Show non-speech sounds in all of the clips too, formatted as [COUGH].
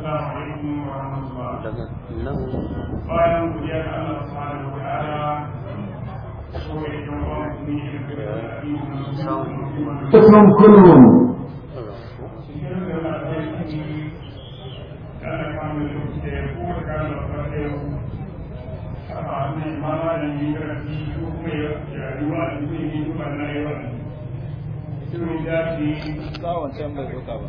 السلام عليكم ورحمة الله bayan godiya ga Allah subhanahu wa ta'ala saboda yan uwa can bai zoka ba.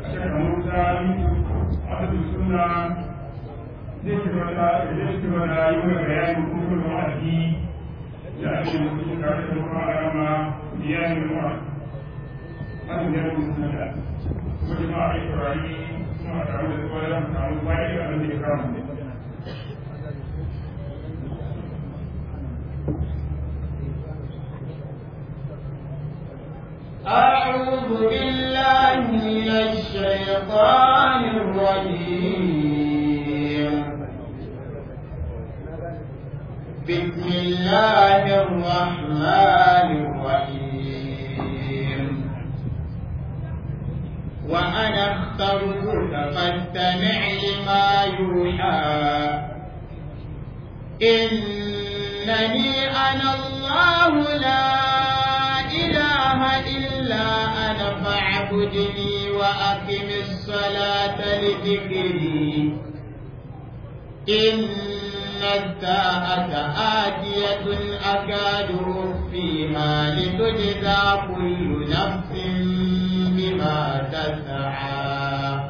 الشيخ موسى عبد السنة ذكر ولا ذكر ولا يوم بيان كفر وعدي لأن ذكرت المحرمة ديان المرأة هذا ديان المسلمات وجماعة إبراهيم ثم تعود ولا تعود وإلى أن يكرمه أعوذ بالله من الشيطان الرجيم بسم الله الرحمن الرحيم وأنا اخترتك فاستمع لما يوحى إنني أنا الله لا إله إلا أنا فاعبدني وأقم الصلاة لذكري إن الساعة آتية أكاد فيها لتجزى كل نفس بما تسعى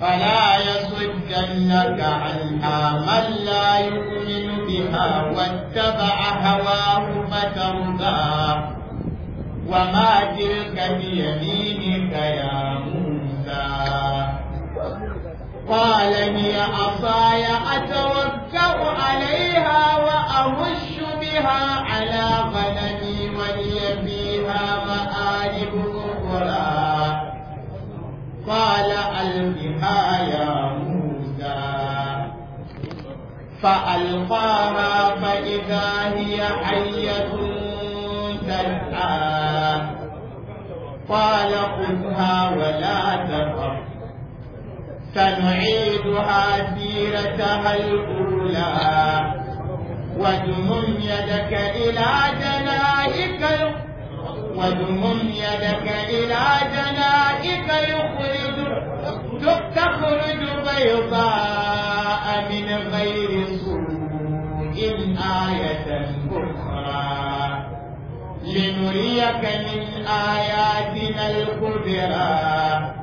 فلا يصدنك عنها من لا يؤمن بها واتبع هواه فترضى وما تلك بيمينك يا موسى قال هي عصاي أتوكأ عليها وأهش بها على غنمي ولي فيها مآرب أخرى قال ألقها يا موسى فألقاها فإذا هي حية تسعى قال خذها ولا تفر سنعيدها سيرتها الأولى وادمم يدك إلى جنائك وادمم يدك إلى جنائك يخرج تخرج بيضاء لنريك من آياتنا الكبرى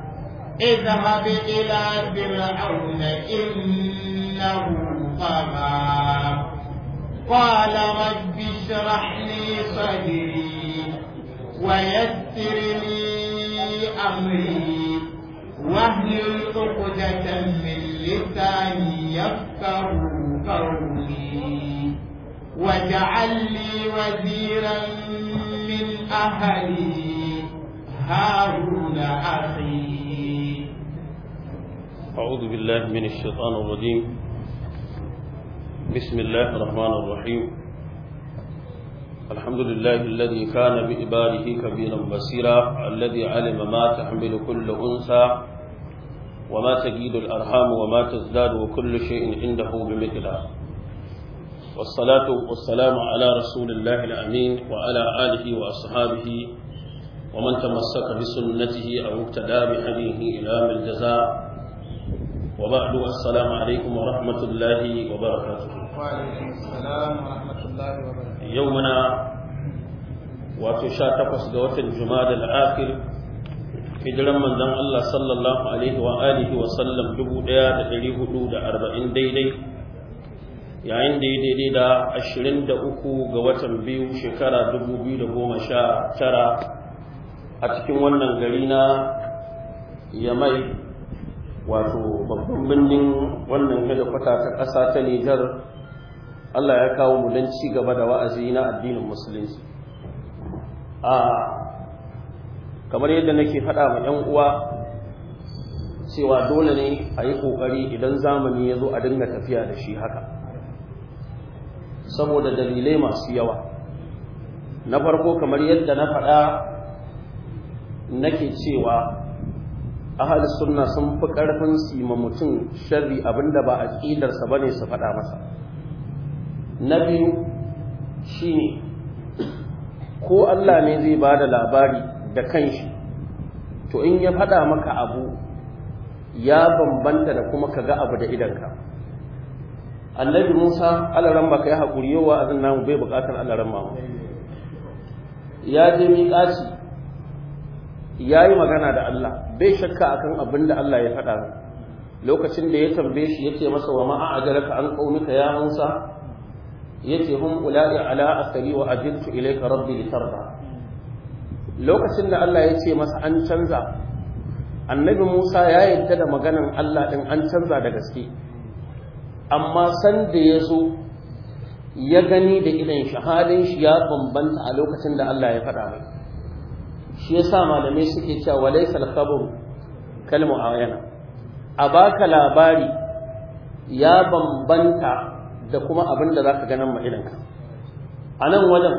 اذهب إلى فرعون إنه طغى قال رب اشرح لي صدري ويسر لي أمري واهلل عقدة من لساني يفقه قولي واجعل لي وزيرا من أهلي هارون أخي أعوذ بالله من الشيطان الرجيم بسم الله الرحمن الرحيم الحمد لله الذي كان بإباره كبيرا بصيرا الذي علم ما تحمل كل أنثى وما تجيد الأرحام وما تزداد وكل شيء عنده بمثلها والصلاة والسلام على رسول الله الأمين وعلى آله وأصحابه ومن تمسك بسنته أو اقتدى بهديه إلى من الجزاء وبعد السلام عليكم ورحمة الله وبركاته وعليكم السلام ورحمة الله وبركاته يومنا وتشاتقس قوة الجماد الآخر hijiran manzon Allah sallallahu alaihi wa alihi wa sallam 1440 daidai yayin da ya daidai da 23 ga watan biyu shekara 2019 a cikin wannan gari na yamai wato babban birnin wannan gada kwata ta ƙasa ta nijar allah ya kawo mu don ci gaba da wa'azi na addinin musulunci a kamar yadda nake faɗa ma 'yan uwa cewa dole ne a yi ƙoƙari idan zamani ya zo a dinga tafiya da shi haka saboda dalilai masu yawa na farko kamar yadda na faɗa nake cewa ahalis sunna sun fi ƙarfin sima mutum sharri abinda ba a ba ne su faɗa masa na biyu ne ko Allah ne zai ba da labari da kanshi to in ya faɗa maka abu ya bambanta da kuma kaga abu da idanka annabi musa ala ramba ka yi haƙuri yau wa'azin namu bai buƙatar alaran ma ya je miƙaci ya yi magana da allah bai shakka akan abin da allah ya faɗa lokacin da ya tambaye shi yace masa wa ma'ajalaka an qaumika ya musa yace hum ula'i ala asali wa ajiltu ilayka rabbi litarda lokacin da Allah ya ce masa an canza annabi Musa ya yadda da maganan Allah ɗin an canza da gaske amma san da ya zo ya gani da idan shahadin shi ya bambanta a lokacin da Allah ya faɗa mai shi ya sa malamai suke cewa walai khabaru kalmu yana a baka labari ya bambanta da kuma abin da za ka ganin ma a nan wajen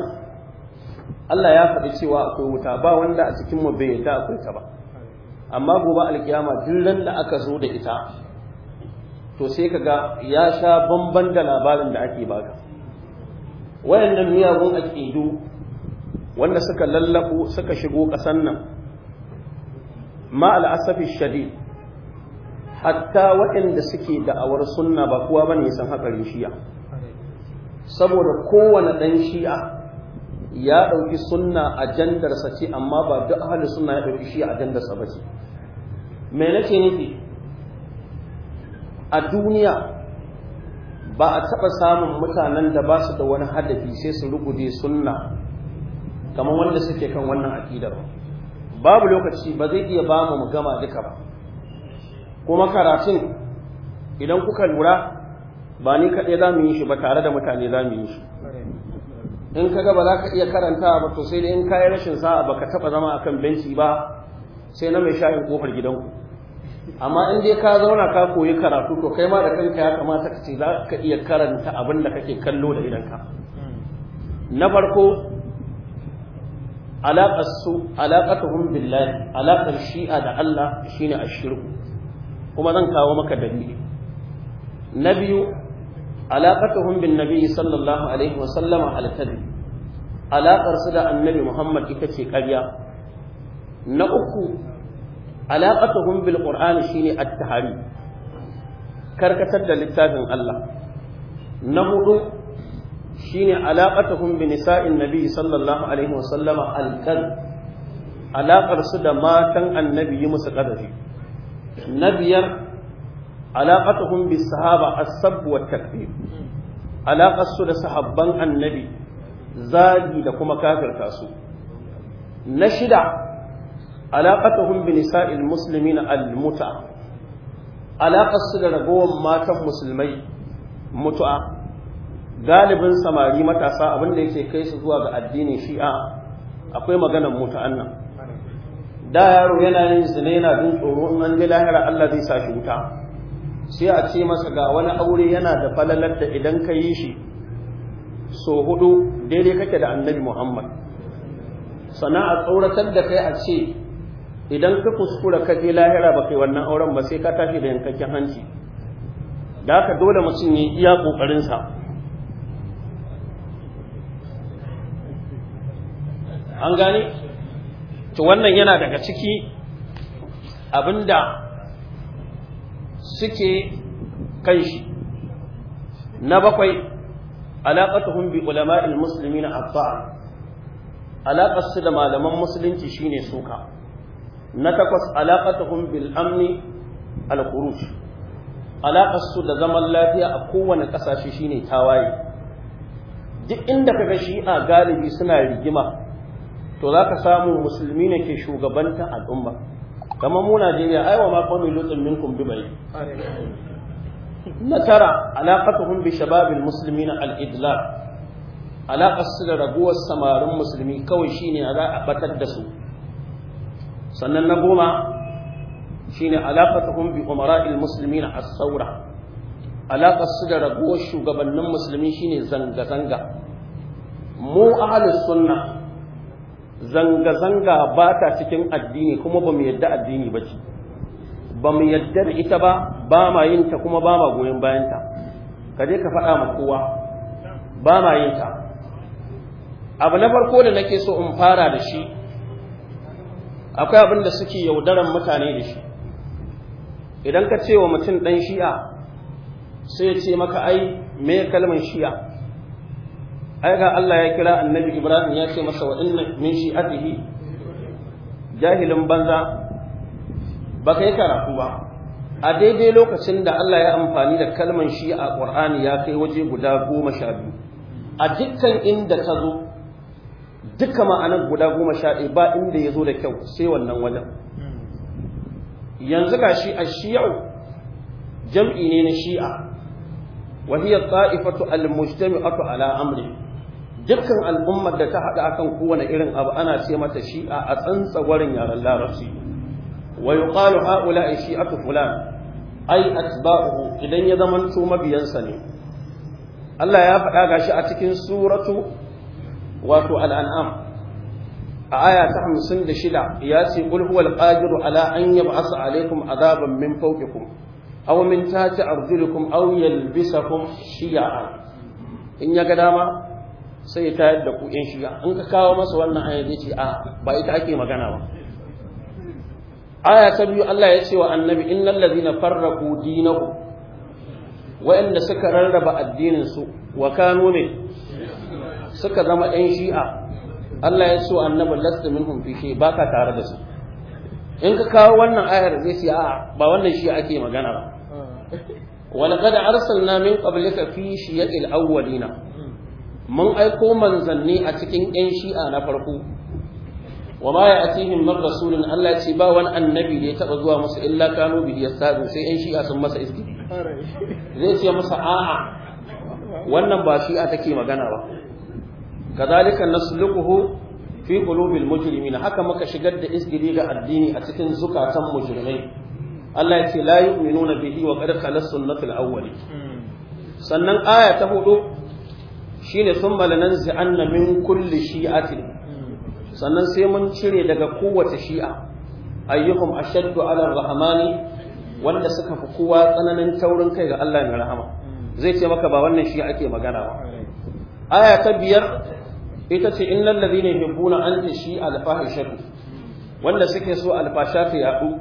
Allah ya faɗi cewa akwai wuta ba wanda a cikin mu bai yarda akwai ta ba amma gobe alkiyama duk da aka zo da ita to sai ka ga ya sha bamban da labarin da ake baka wayannan miyagun aƙidu wanda suka lallabu suka shigo ƙasan nan ma al'asafi shadi hatta waɗanda suke da'awar sunna ba kowa ba ya san hakarin shi'a saboda kowane ɗan shi'a ya ɗauki sunna ajandarsa ce amma ba duk ahalin sunna ya ɗauki a ajandarsa ba ce me nake nufi a duniya ba a taɓa samun mutanen da ba su da wani hadafi sai su rugude sunna kamar wanda suke kan wannan aƙidar babu lokaci ba zai iya ba mu gama duka ba kuma karatun idan kuka lura ba ni kaɗai za mu yi shi ba tare da mutane za mu yi shi in ka gaba za ka iya karanta ba to sai da in kayi rashin sa'a ba ka taɓa zama akan benci ba sai na mai sha'in kofar gidanku amma in dai ka zauna ka koyi karatu to kai ma da kanka ya kamata ka ce za ka iya karanta abin da kake kallo da idanka na farko alaƙar su alaƙatuhum billahi alaƙar shi'a da Allah shine ashirku kuma zan kawo maka dalili na biyu alaƙatuhum bin nabi sallallahu alaihi wa sallama alkadi alaƙar su da annabi Muhammad ita ce ƙarya na uku alaqatuhum bil qur'ani shine at-tahari karkatar da littafin Allah na hudu shine alaqatuhum bi nisa'in nabi sallallahu alaihi wa sallama al-qad su da matan annabi yi musu kadafi na biyar alaqatuhum bis sahaba as-sabb wa takfir alaqar su da sahabban annabi zagi da kuma kafirta su na shida alaƙatuhun bi nisa'il musulmi na almuta alaƙarsu da ragowar matan musulmai mutu'a galibin samari matasa abinda yake kai su zuwa ga addinin shi'a akwai maganar mutu'an nan da yaro yana yin zina yana jin tsoro in an ji lahira Allah zai sa shi wuta sai a ce masa ga wani aure yana da falalar da idan ka yi shi so hudu daidai kake da annabi Muhammad Sana'ar tsoratar da kai a ce idan ka kuskura ka je lahira ba kai wannan auren ba sai ka tashi da yankakken hanci da haka dole mutum ya iya ƙoƙarinsa an gane to wannan yana daga ciki abinda suke kan shi na bakwai alaƙatuhun bi ulama'il musulmi na abba'a alaƙarsu da malaman musulunci shine suka na takwas alaƙatuhun bil amni al khuruj su da zaman lafiya a kowane ƙasashe ne tawaye duk inda kaga shi'a galibi suna rigima to za ka samu musulmi ne ke shugabanta al'umma kamar mu Najeriya aiwa ma qawmi lutun minkum bi bai na tara alaqatuhum bi musulmi na al idlal su da raguwar samarin musulmi kawai shine za a batar da su sannan na goma shine alaqatuhum bi umara'il muslimin as-saura Alaƙa su da ragowar shugabannin musulmi shine zanga-zanga mu ahlus sunna zanga-zanga ba ta cikin addini kuma ba mu yadda addini ba ce ba mu yadda da ita ba ba ma yin ta kuma ba ma goyon bayanta ka je ka faɗa ma kowa ba ma yin ta abu na farko da nake so in fara da shi akwai abin da suke yaudaran mutane da shi idan ka ce wa mutum ɗan shi'a sai ya ce maka ai me kalmar shi'a ai ga Allah ya kira annabi Ibrahim ya ce masa wa inna min shi'atihi jahilin banza ba ka yi karatu ba a daidai lokacin da Allah ya amfani da kalmar shi'a Qur'ani ya kai waje guda goma sha biyu a dukkan inda ka zo duka ma'anar guda goma sha ɗaya ba inda ya zo da kyau sai wannan wajen yanzu ga shi a shia jam'i ne na shi'a wahiyar ta'ifatu al-mujtami'atu ala amri dukkan al'ummar da ta haɗa akan kowane irin abu ana ce mata shi'a a tsantsawarin yaren larabci wa yuqalu haula shi'atu fulan ai atba'uhu idan ya zamanto mabiyansa ne Allah ya faɗa gashi a cikin suratu wato al'an'am a aya ta hamsin da shida ya ce kul huwa alqadiru ala an yab'asa alaikum azaban min fawqikum aw min tahti arjulikum aw yalbisakum shiya'a in ya ga dama sai ya tayar da ku yan shiya in ka kawo masa wannan aya zai ce a ba ita ake magana ba aya ta biyu Allah ya ce wa annabi innal ladina farraqu dinahu wa'anda suka rarraba addinin su wa kanu ne suka zama ɗan shi'a Allah ya so annabi lasta minhum fi shi baka tare da su in ka kawo wannan ayar zai ce a'a ba wannan shi ake magana ba walqad arsalna min qablika fi shi'il awwalina mun aiko manzanni a cikin ƴan shi'a na farko wa ma ya'tihim min rasulin Allah ya ce ba wani annabi da ya taba zuwa musu illa kanu bi yasadu sai ƴan shi'a sun masa iski zai ce musa a'a wannan ba shi'a take magana ba kadhalika nasluquhu fi qulubil mujrimin haka muka shigar da isgiri ga addini a cikin zukatan mujrimai Allah ya ce nuna yu'minuna bihi wa qad khalas sunnatul awwali sannan aya ta hudu shine thumma lananzi anna min kulli shi'atin sannan sai mun cire daga kowace shi'a ayyukum ashaddu ala rahmani wanda suka fi kowa tsananin taurin kai ga Allah mai rahama zai ce maka ba wannan shi ake magana ba aya ta biyar ita ce in innal ladhina yuhibbuna an tashi al-fahishatu wanda suke so alfasha fasha ta yadu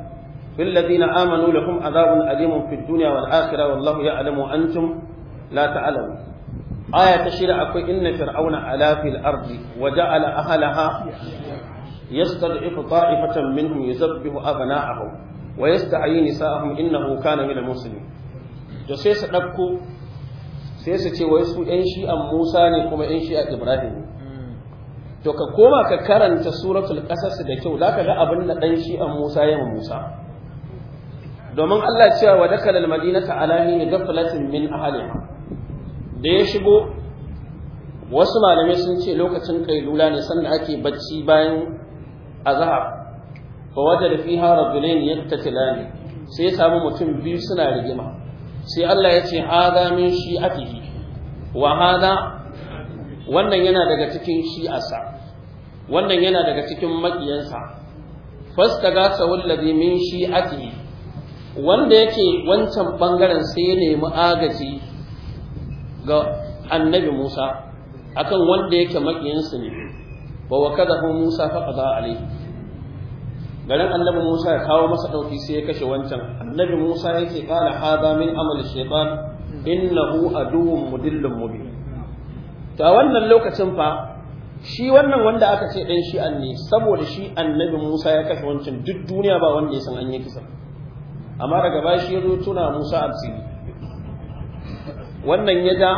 fil ladina amanu lakum adhabun alimun fid dunya wal akhirah wallahu ya'lamu antum la ta'lamun aya ta shida akwai inna fir'auna ala fil ardi wa ja'ala ahlaha yastad'ifu ta'ifatan minhum yuzabbihu abna'ahum wa yasta'yi nisa'ahum innahu kana minal muslimin to sai su ɗauko sai su ce wai su ‘yan shi'an Musa ne kuma ‘yan shi'an Ibrahim to ka koma ka karanta suratul qasas da kyau zaka ga abin da dan shi an Musa ya Musa domin Allah cewa wa dakala almadinata ala hin ghaflatin min ahliha da ya shigo wasu malamai sun ce lokacin kailula ne sanda ake bacci bayan azhar fa wajada fiha rajulain yaktatilani sai ya samu mutum biyu suna rigima sai Allah ya ce hada min shi'atihi wa hada wannan yana daga cikin shi'asa wannan yana daga cikin makiyansa fastagasa wallazi min shi'atihi wanda yake wancan bangaren sai ya nemi agaji ga annabi Musa akan wanda yake makiyansa ne ba wa ko Musa qada alaihi garin annabi Musa ya kawo masa dauki sai ya kashe wancan annabi Musa yake kala hada min amal shaytan innahu aduwwun mudillun mubin ta wannan lokacin fa shi wannan wanda aka ce ɗan shi'an ne saboda shi annabi Musa ya kashe wancan duk duniya ba wanda ya san an yi kisa amma daga baya shi ya zo tuna Musa a tsiri. wannan ya da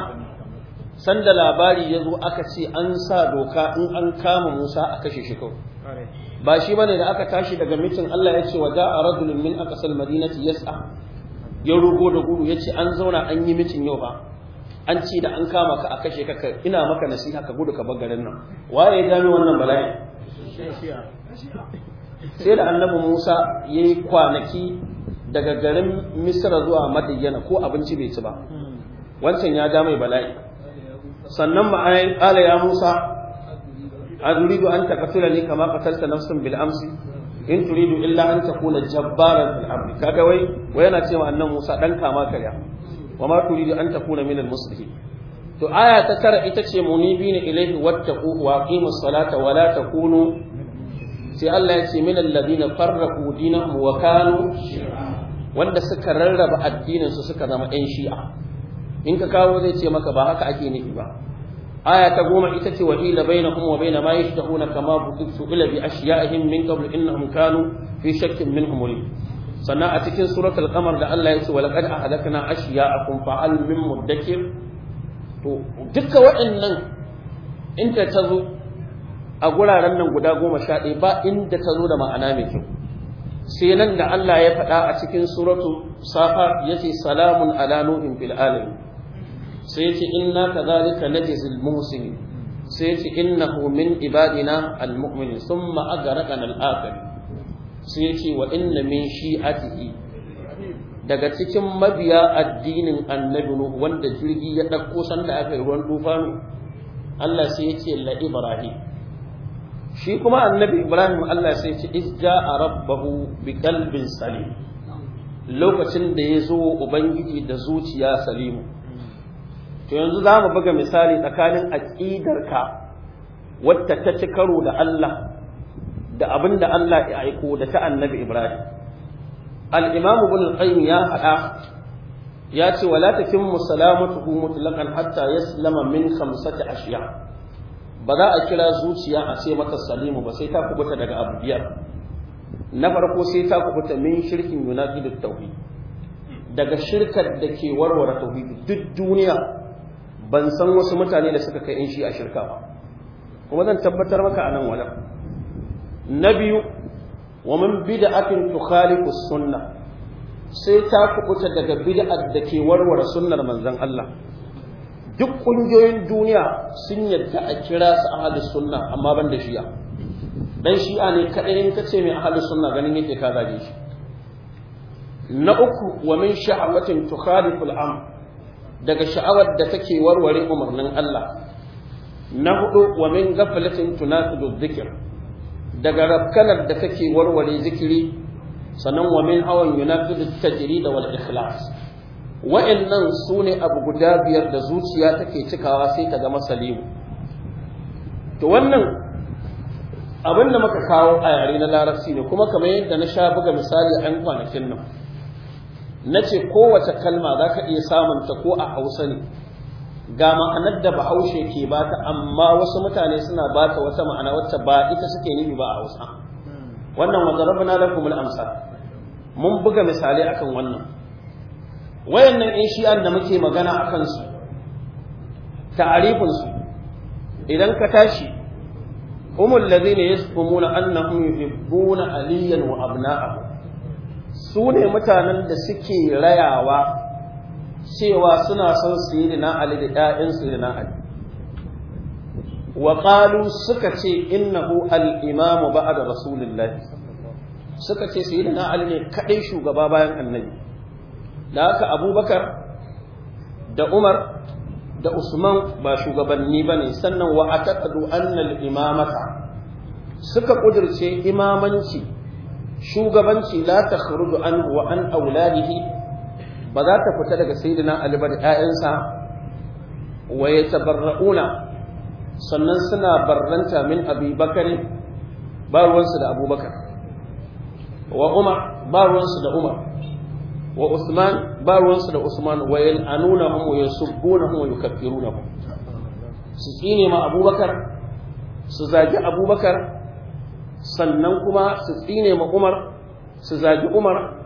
sanda labari ya zo aka ce an sa doka in an kama Musa a kashe shi ba shi bane da aka tashi daga mitin Allah ya ce wa a rajulun min aqsal madinati yas'a ya rugo da gudu ya ce an zauna an yi mitin yau ba an ci da an kama ka a kashe ka ina maka nasiha ka gudu ka bar garin nan waye ya gano wannan bala'i sai da annabi Musa ya yi kwanaki daga garin Misra zuwa Madiyana ko abinci bai ci ba wancan ya ja mai bala'i sannan ma'ayin ala ya Musa a turidu an takasura ne kama katalta nafsin bil amsi in turidu illa an takuna jabbaran fil ardi kaga wai wai yana cewa annabi Musa dan kama karya wa ma turidu an takuna minal muslimin to aya ta tara ita ce munibina ilayhi wattaquhu wa aqimus salata wa la sai Allah ya ce min alladhina farraqu dinahum wa kanu wanda suka rarraba addinin su suka zama 'yan shi'a in ka kawo zai ce maka ba haka ake nufi ba aya ta goma ita ce wahila bainahum wa kama bukitu ila bi ashiya'ihim min qabl innahum kanu fi shakkin minhum sannan a cikin suratul qamar da Allah ya ce wa laqad ahlakna ashiya'akum fa hal min mudakkir to dukkan waɗannan inda ta tazo a guraren nan guda goma sha ɗaya ba inda ta zo da ma'ana mai kyau sai nan da Allah ya faɗa a cikin suratu safa ya ce salamun ala nuhin fil alamin sai ya ce inna kadhalika najzil muhsinin sai ya ce innahu min ibadina al mu'minin thumma aghraqna al akhirin sai ya ce wa inna min shi'atihi daga cikin mabiya addinin annabi nuhu wanda jirgi ya ɗauko sanda aka yi ruwan tufanu Allah sai ya ce la ibrahim shi kuma annabi ibrahim Allah sai ya ce isja a rabbahu bi qalbin salim lokacin da ya zo ubangiji da zuciya salimu to yanzu za mu buga misali tsakanin aƙidarka wadda ta ci karo da Allah da abin da Allah ya aiko da ta annabi Ibrahim al-Imam Ibn ya haɗa ya ce wala takimmu salamatuhu mutlaqan hatta yaslama min khamsati ashiya ba za a kira zuciya a ce mata salimu ba sai ta kubuta daga abu biyar na farko sai ta kubuta min shirkin yunafi da daga shirkar da ke warware tauhidi duk duniya ban san wasu mutane da suka kai in shi a shirka ba kuma zan tabbatar maka a nan wajen na biyu wa min bid'atin tukhaliqu sunnah sai ta kubuta daga bid'ar da ke warware sunnar manzon Allah duk ƙungiyoyin duniya sun yadda a kira su ahalus sunna amma ban da shi'a dan shi'a ne kaɗai in kace mai ahalus sunna ganin yake ka zage shi na uku wa min sha'awatin tukhalifu al'am daga sha'awar da take warware umarnin Allah na hudu wa min ghaflatin tunatu dhikr daga rabkanar da kake warware zikiri sannan wa min awan yunafidu tajri da wal ikhlas wa'annan sune abu guda biyar da zuciya take cikawa sai ta gama salimu to wannan abin da muka kawo a yare na larabci ne kuma kamar yadda na sha buga misali a 'yan kwanakin nan na ce kowace kalma za ka iya samunta ko a hausa ne ga ma'anar da bahaushe ke bata amma wasu mutane suna bata wata ma'ana wacce ba ita suke nufi ba a hausa wannan wanda na lakum al amsa, mun buga misali akan wannan wayannan in shi'an da muke magana akan su ta'arifin su idan ka tashi هم الذين يزعمون انهم يحبون wa وابناءه su ne mutanen da suke rayawa cewa suna son su yi sayyidina ali da ƴaƴan sayyidina ali wa suka ce innahu ba a ba'da rasulillah suka ce su yi sayyidina ali ne kadai shugaba bayan annabi da haka abubakar da umar da usman ba shugabanni ba ne sannan wa ataqadu anna al-imamata suka kudirce imamanci shugabanci la takhruju anhu wa an auladihi ba za ta fita daga sayyidina Ali ba da ƴaƴansa wa yatabarrauna sannan suna barranta min Abi Bakar ba ruwansu da Abubakar wa Umar ba ruwansu da Umar wa Usman ba ruwansu da Usman wa yal'anunahum wa yasubbunahum wa yukaffirunahum su tsine ma Abubakar su zagi Abubakar sannan kuma su tsine ma Umar su zagi Umar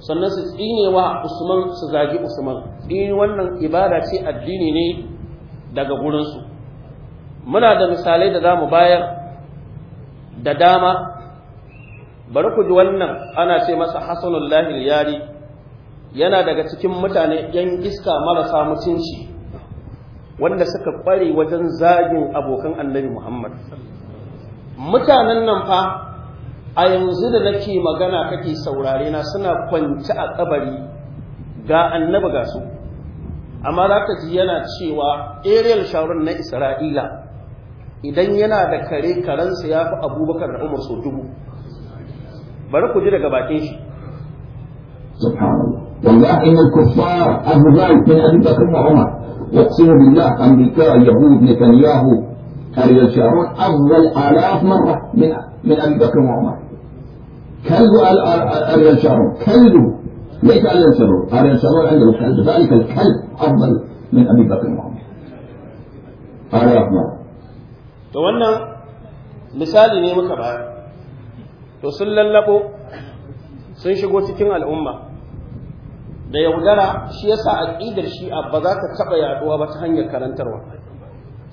sannan su tsinewa usman su zagi usman tsini e, wannan ibada ce addini ne daga gurinsu muna da misalai da za mu bayar da dama bari ku ji wannan ana ce masa hasanul lahi yari yana daga cikin mutane yan iska marasa mutunci wanda suka kware wajen zagin abokan annabi muhammad mutanen nan fa a yanzu da nake magana kake saurare na suna kwanci a kabari ga annabi ga su amma za ka ji yana cewa ariel sharon na isra'ila idan yana da kare karensa ya fi abubakar da umar so dubu bari ku ji daga bakin shi ولكن الكفار أبو بكر بن أبي بكر وعمر يقسم بالله يهود نتنياهو قال يشعرون أفضل آلاف مرة من من أبي بكر وعمر كلب أبي يشعرون كلب ليس أبي يشعرون أبي يشعرون عنده الكلب ذلك الكلب أفضل من أبي بكر وعمر آلاف مرة فوانا مثالي ني مكبا تو سللبو سن شيغو cikin al'umma da yaudara shi yasa aqidar shi abba za ta taba yaduwa ba ta hanyar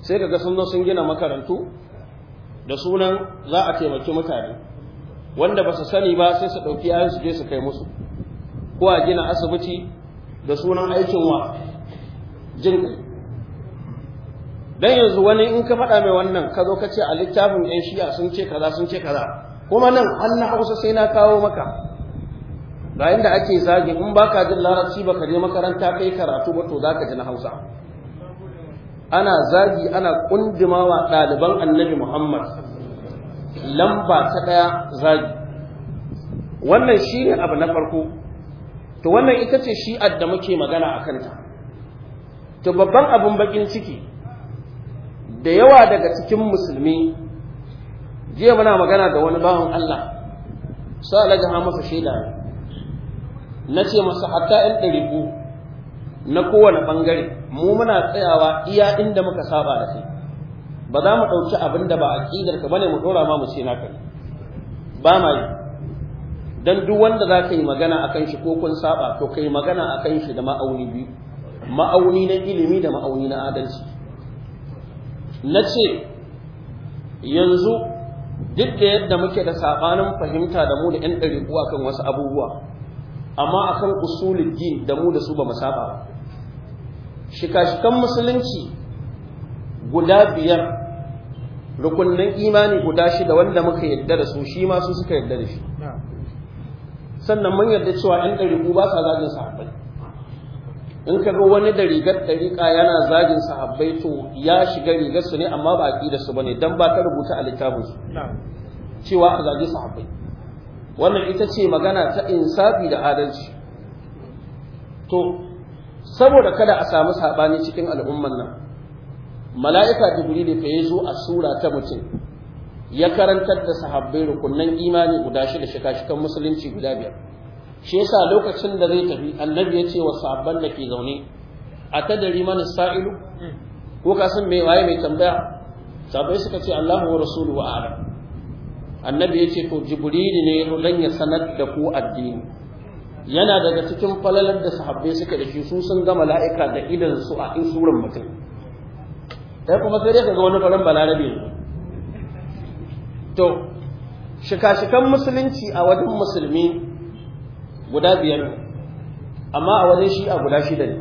sai daga sun sun gina makarantu da sunan za a taimaki mutane wanda ba su sani ba sai su ɗauki ayan su je su kai musu ko a gina asibiti da sunan aikin wa jin dan yanzu wani in ka faɗa mai wannan ka zo ka ce a littafin yan shi'a sun ce kaza sun ce kaza kuma nan an na hausa sai na kawo maka ga inda ake zagi in baka jin larabci ka je makaranta kai karatu ba to zaka ji na hausa ana zagi ana kundimawa ɗaliban annabi Muhammad lamba ta ɗaya zagi wannan shi ne abu na farko to wannan ita ce shi'ar da muke magana a kanta to babban abin bakin ciki da yawa daga cikin musulmi jiya muna magana da wani bawan Allah sa alaga masa shaida ne na ce masa hatta 'yan ɗari na kowane bangare mu muna tsayawa iya inda muka saba da kai ba za mu ɗauki abin da ba aƙidar ka bane mu ɗora ma mu ce naka ba ma yi dan duk wanda za ka yi magana akan shi ko kun saba to kai magana akan shi da ma'auni biyu ma'auni na ilimi da ma'auni na adalci na ce yanzu duk da yadda muke da saɓanin fahimta da mu da 'yan ɗariƙu akan wasu abubuwa amma akan usulul din da mu da su ba saba ba shika-shikan musulunci guda biyar rukunnan imani guda shida wanda muka yadda da su shi ma suka yadda da shi sannan mun yadda cewa ɗan ɗariƙu ba sa zagin sahabbai in ka ga wani da rigar ɗariƙa yana zagin sahabbai to ya shiga rigar su ne amma ba a ƙi da su ba ne don ba ta rubuta a littafin su cewa a zagi sahabbai wannan ita ce magana ta insafi da adalci to saboda kada a samu saɓani cikin al'umman nan mala'ika jibrilu fa yazo zo a sura ta mutum ya karantar da sahabbai rukunnan imani guda shida shika-shikan musulunci guda biyar shi yasa lokacin da zai tafi annabi ya ce wa sahabban da ke zaune a tadari mana sa'ilu hmm. ko ka san mai waye mai tambaya sahabbai suka ce Allahu wa rasuluhu a'lam annabi ya ce to jibrili ne ya dan ya sanar da ku addini yana daga cikin falalar da sahabbai suka da shi su sun ga mala'ika da idan su a in surun mutum sai kuma sai ka ga wani faran balarabe to shika-shikan musulunci a wajen musulmi guda biyar amma a wajen shi a guda shida ne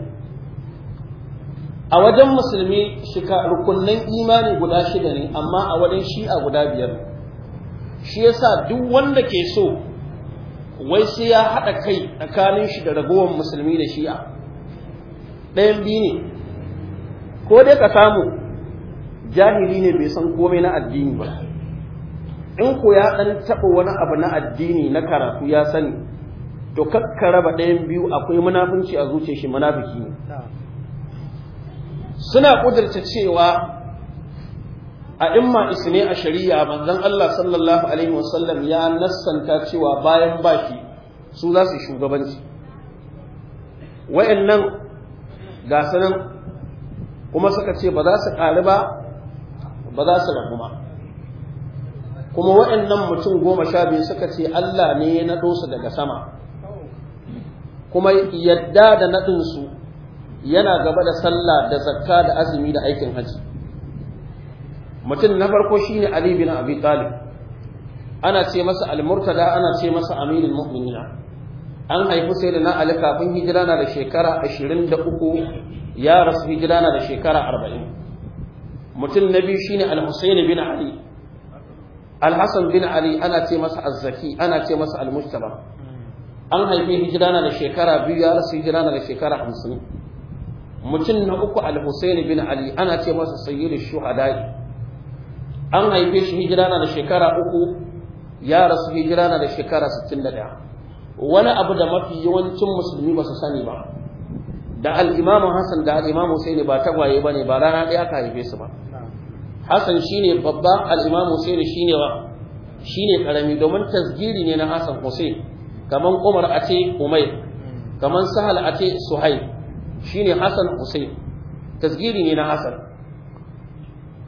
a wajen musulmi shika rukunnan imani guda shida ne amma a wajen shi a guda biyar ne shi yasa duk wanda ke so wai sai ya haɗa kai tsakanin shi da ragowar musulmi da shi'a ɗayan biyu ne ko dai ka samu jahili ne bai san komai na addini ba in ko ya ɗan taɓa wani abu na addini na karatu ya sani to kakka raba ɗayan biyu akwai munafunci a zuce shi munafiki ne suna ƙudurta cewa a imma isne a shari'a manzon Allah sallallahu alaihi wasallam ya nassanta cewa bayan bashi su za su shugabanci wayannan ga sanan kuma suka ce ba za su ƙari ba ba za su rabu ba kuma waɗannan mutum goma sha biyu suka ce Allah ne ya naɗo su daga sama kuma yadda da naɗinsu yana gaba da sallah da zakka da azumi da aikin hajji mutum na farko shine ali bin abi talib ana ce masa al-murtada ana ce masa amirul mu'minina an haifi na ali kafin hijira na da shekara 23 ya rasu hijira na da shekara 40 mutum na biyu shine al-husayn bin ali al-hasan bin ali ana ce masa az-zaki ana ce masa al-mujtaba an haifi hijira na da shekara biyu ya rasu hijira na da shekara 50 mutum na uku al-husayn bin ali ana ce masa sayyidu shuhada'i an haife shi hijira na da shekara uku ya rasu hijira na da shekara 61 wani abu da mafi yawancin musulmi ba su sani ba da al'imamu hassan da al'imamu husaini ba tagwaye ba ne ba rana ɗaya aka haife su ba hassan shine babba al'imamu husaini shine ba shine karami domin tasgiri ne na hassan husain Kamar umar a ce umai Kamar sahal a ce Shi shine hassan husain tasgiri ne na hassan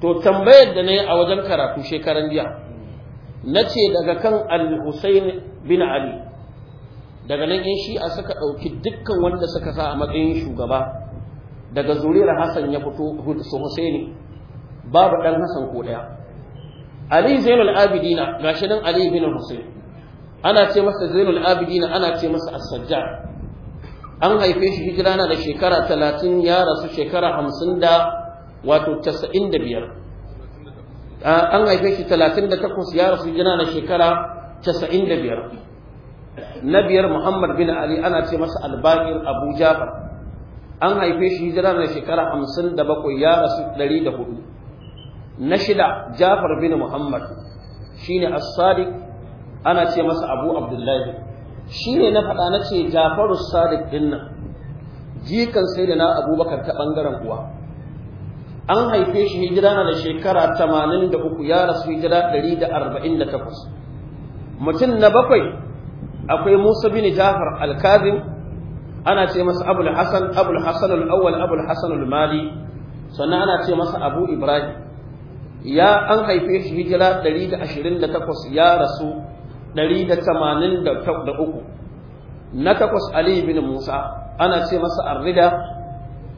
to tambayar da na yi a wajen karatu shekaran jiya na ce daga kan al-husain bin ali daga nan in a suka ɗauki dukkan wanda suka sa a matsayin shugaba daga zuriyar hassan ya fito su husaini babu ɗan hassan ko ɗaya ali zainul abidina gashi nan ali bin husain ana ce masa zainul abidina ana ce masa as sajja. an haife shi hijira na da shekara talatin ya rasu shekara hamsin da wato 95 an haife shi 38 ya rasu yana na shekara 95 na biyar Muhammad bin Ali ana ce masa albaqir Abu Jafar an haife shi hijira na shekara 57 ya rasu 104 na shida Jafar bin Muhammad shine as-Sadiq ana ce masa Abu Abdullahi Shi ne na faɗa na ce Jafaru Sadiq dinnan. jikan sai da na Abubakar ta bangaren kuwa an haife shi hijira na da shekara tamanin da uku. ya rasu hijira da da arba'in takwas. mutum na bakwai akwai Musa bin Jafar al-Kazim ana ce masa Abul Hasan Abul Hasan al Abul Hasan al-Mali sannan ana ce masa Abu Ibrahim ya an haife shi hijira da da ashirin takwas ya rasu da da tamanin uku. na takwas Ali bin Musa ana ce masa Ar-Rida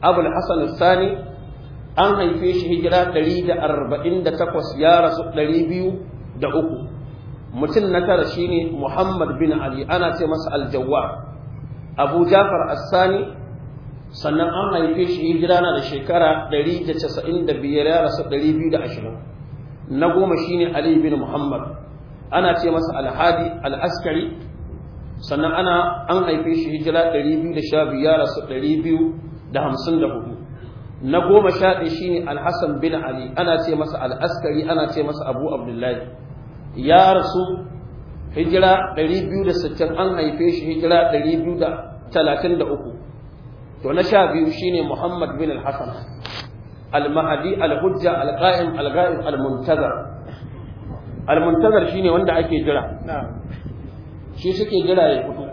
Abul Hasan al-Sani an haife shi hijira 148 ya rasu 203 mutum na tara shine Muhammad bin Ali ana ce masa aljawwa Abu Jafar Assani sannan an haife shi hijira na da shekara 195 ya rasu 220 na goma shine Ali bin Muhammad ana ce masa Alhadi al-Askari sannan ana an haife shi hijira 212 ya rasu 254 na goma sha ɗaya ne alhassan bin ali ana ce masa al'askari ana ce masa abu abdullahi ya rasu hijira biyu da sittin an haife shi hijira biyu da da talatin uku. to na sha biyu shi ne muhammad bin alhassan al-mahadi al-hujja al-qa'im al-ghaib al-muntazar al-muntazar shine wanda ake jira shi suke jira ya fito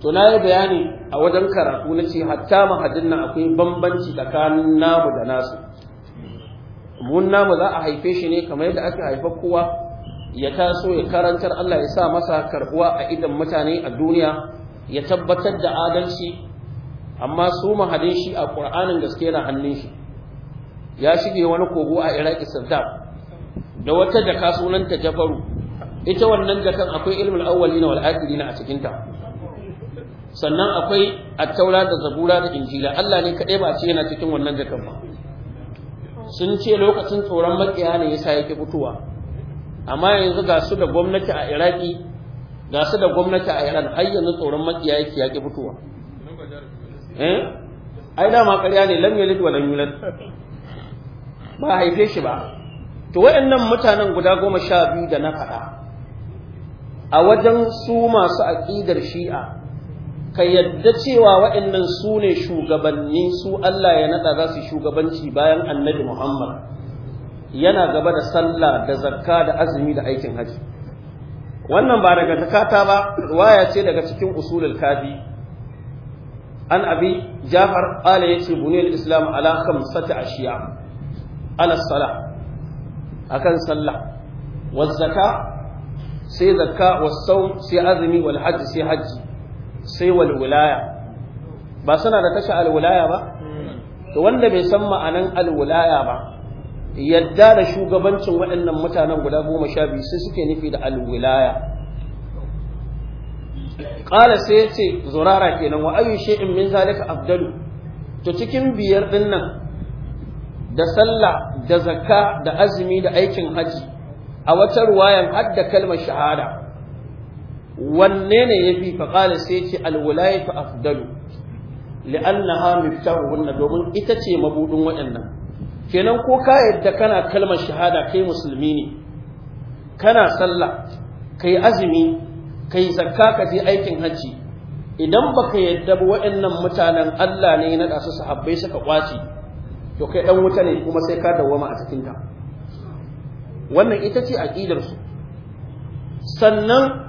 to na yi bayani a wajen karatu na ce hatta mahadin nan akwai bambanci tsakanin namu da nasu mun namu za a haife shi ne kamar yadda ake haifar kowa ya taso ya karantar Allah ya sa masa karbuwa a idan mutane a duniya ya tabbatar da adalci amma su mahadin shi a ƙur'anin gaske na hannun shi ya shige wani kogo a iraki sardar da wata jaka sunanta jafaru ita wannan jakan akwai ilmin na wal na a cikinta sannan akwai attaura da zabura da injila Allah ne kaɗai ba ce yana cikin wannan jakan ba sun ce lokacin tsoron makiya ne yasa yake fitowa amma yanzu ga su da gwamnati a iraki ga su da gwamnati a iran har yanzu tsoron makiya yake yake fitowa eh ai dama ƙarya ne lam yalid wa lam yulad ba haife shi ba to wayannan mutanen guda goma sha biyu da na faɗa a wajen su masu aƙidar shi'a ka yadda cewa waɗannan su ne shugabanni su Allah ya naɗa za su shugabanci bayan annabi Muhammad yana gaba da sallah da zakka da azumi da aikin haji wannan ba daga takata ba waya ce daga cikin usulul kafi an abi jafar qala yace bunil islam ala khamsati ashiya ala salah akan sallah waz zakka sai zakka was sawm sai azumi wal hajj sai hajji sai walwulaya ba suna da tasha alwulaya ba to wanda bai san ma'anan alwulaya ba yadda da shugabancin waɗannan mutanen guda goma sha biyu sai suke nufi da alwulaya ƙala sai ya ce zurara kenan wa ayu shay'in min zalika afdalu to cikin biyar din nan da sallah da zakka da azumi da aikin haji a wata ruwayan har da kalmar shahada wanne ne ya fi faƙala sai ce alwilayatu afdalu li'annaha miftahuhunna domin ita ce mabudin waɗannan kenan ko ka yadda kana kalmar shahada kai musulmi ne kana sallah kai azumi kai zakka ka je aikin hajji idan baka yadda ba waɗannan mutanen Allah ne na su sahabbai suka kwace to kai ɗan wuta ne kuma sai ka dawwama a cikin ta wannan ita ce aqidar su sannan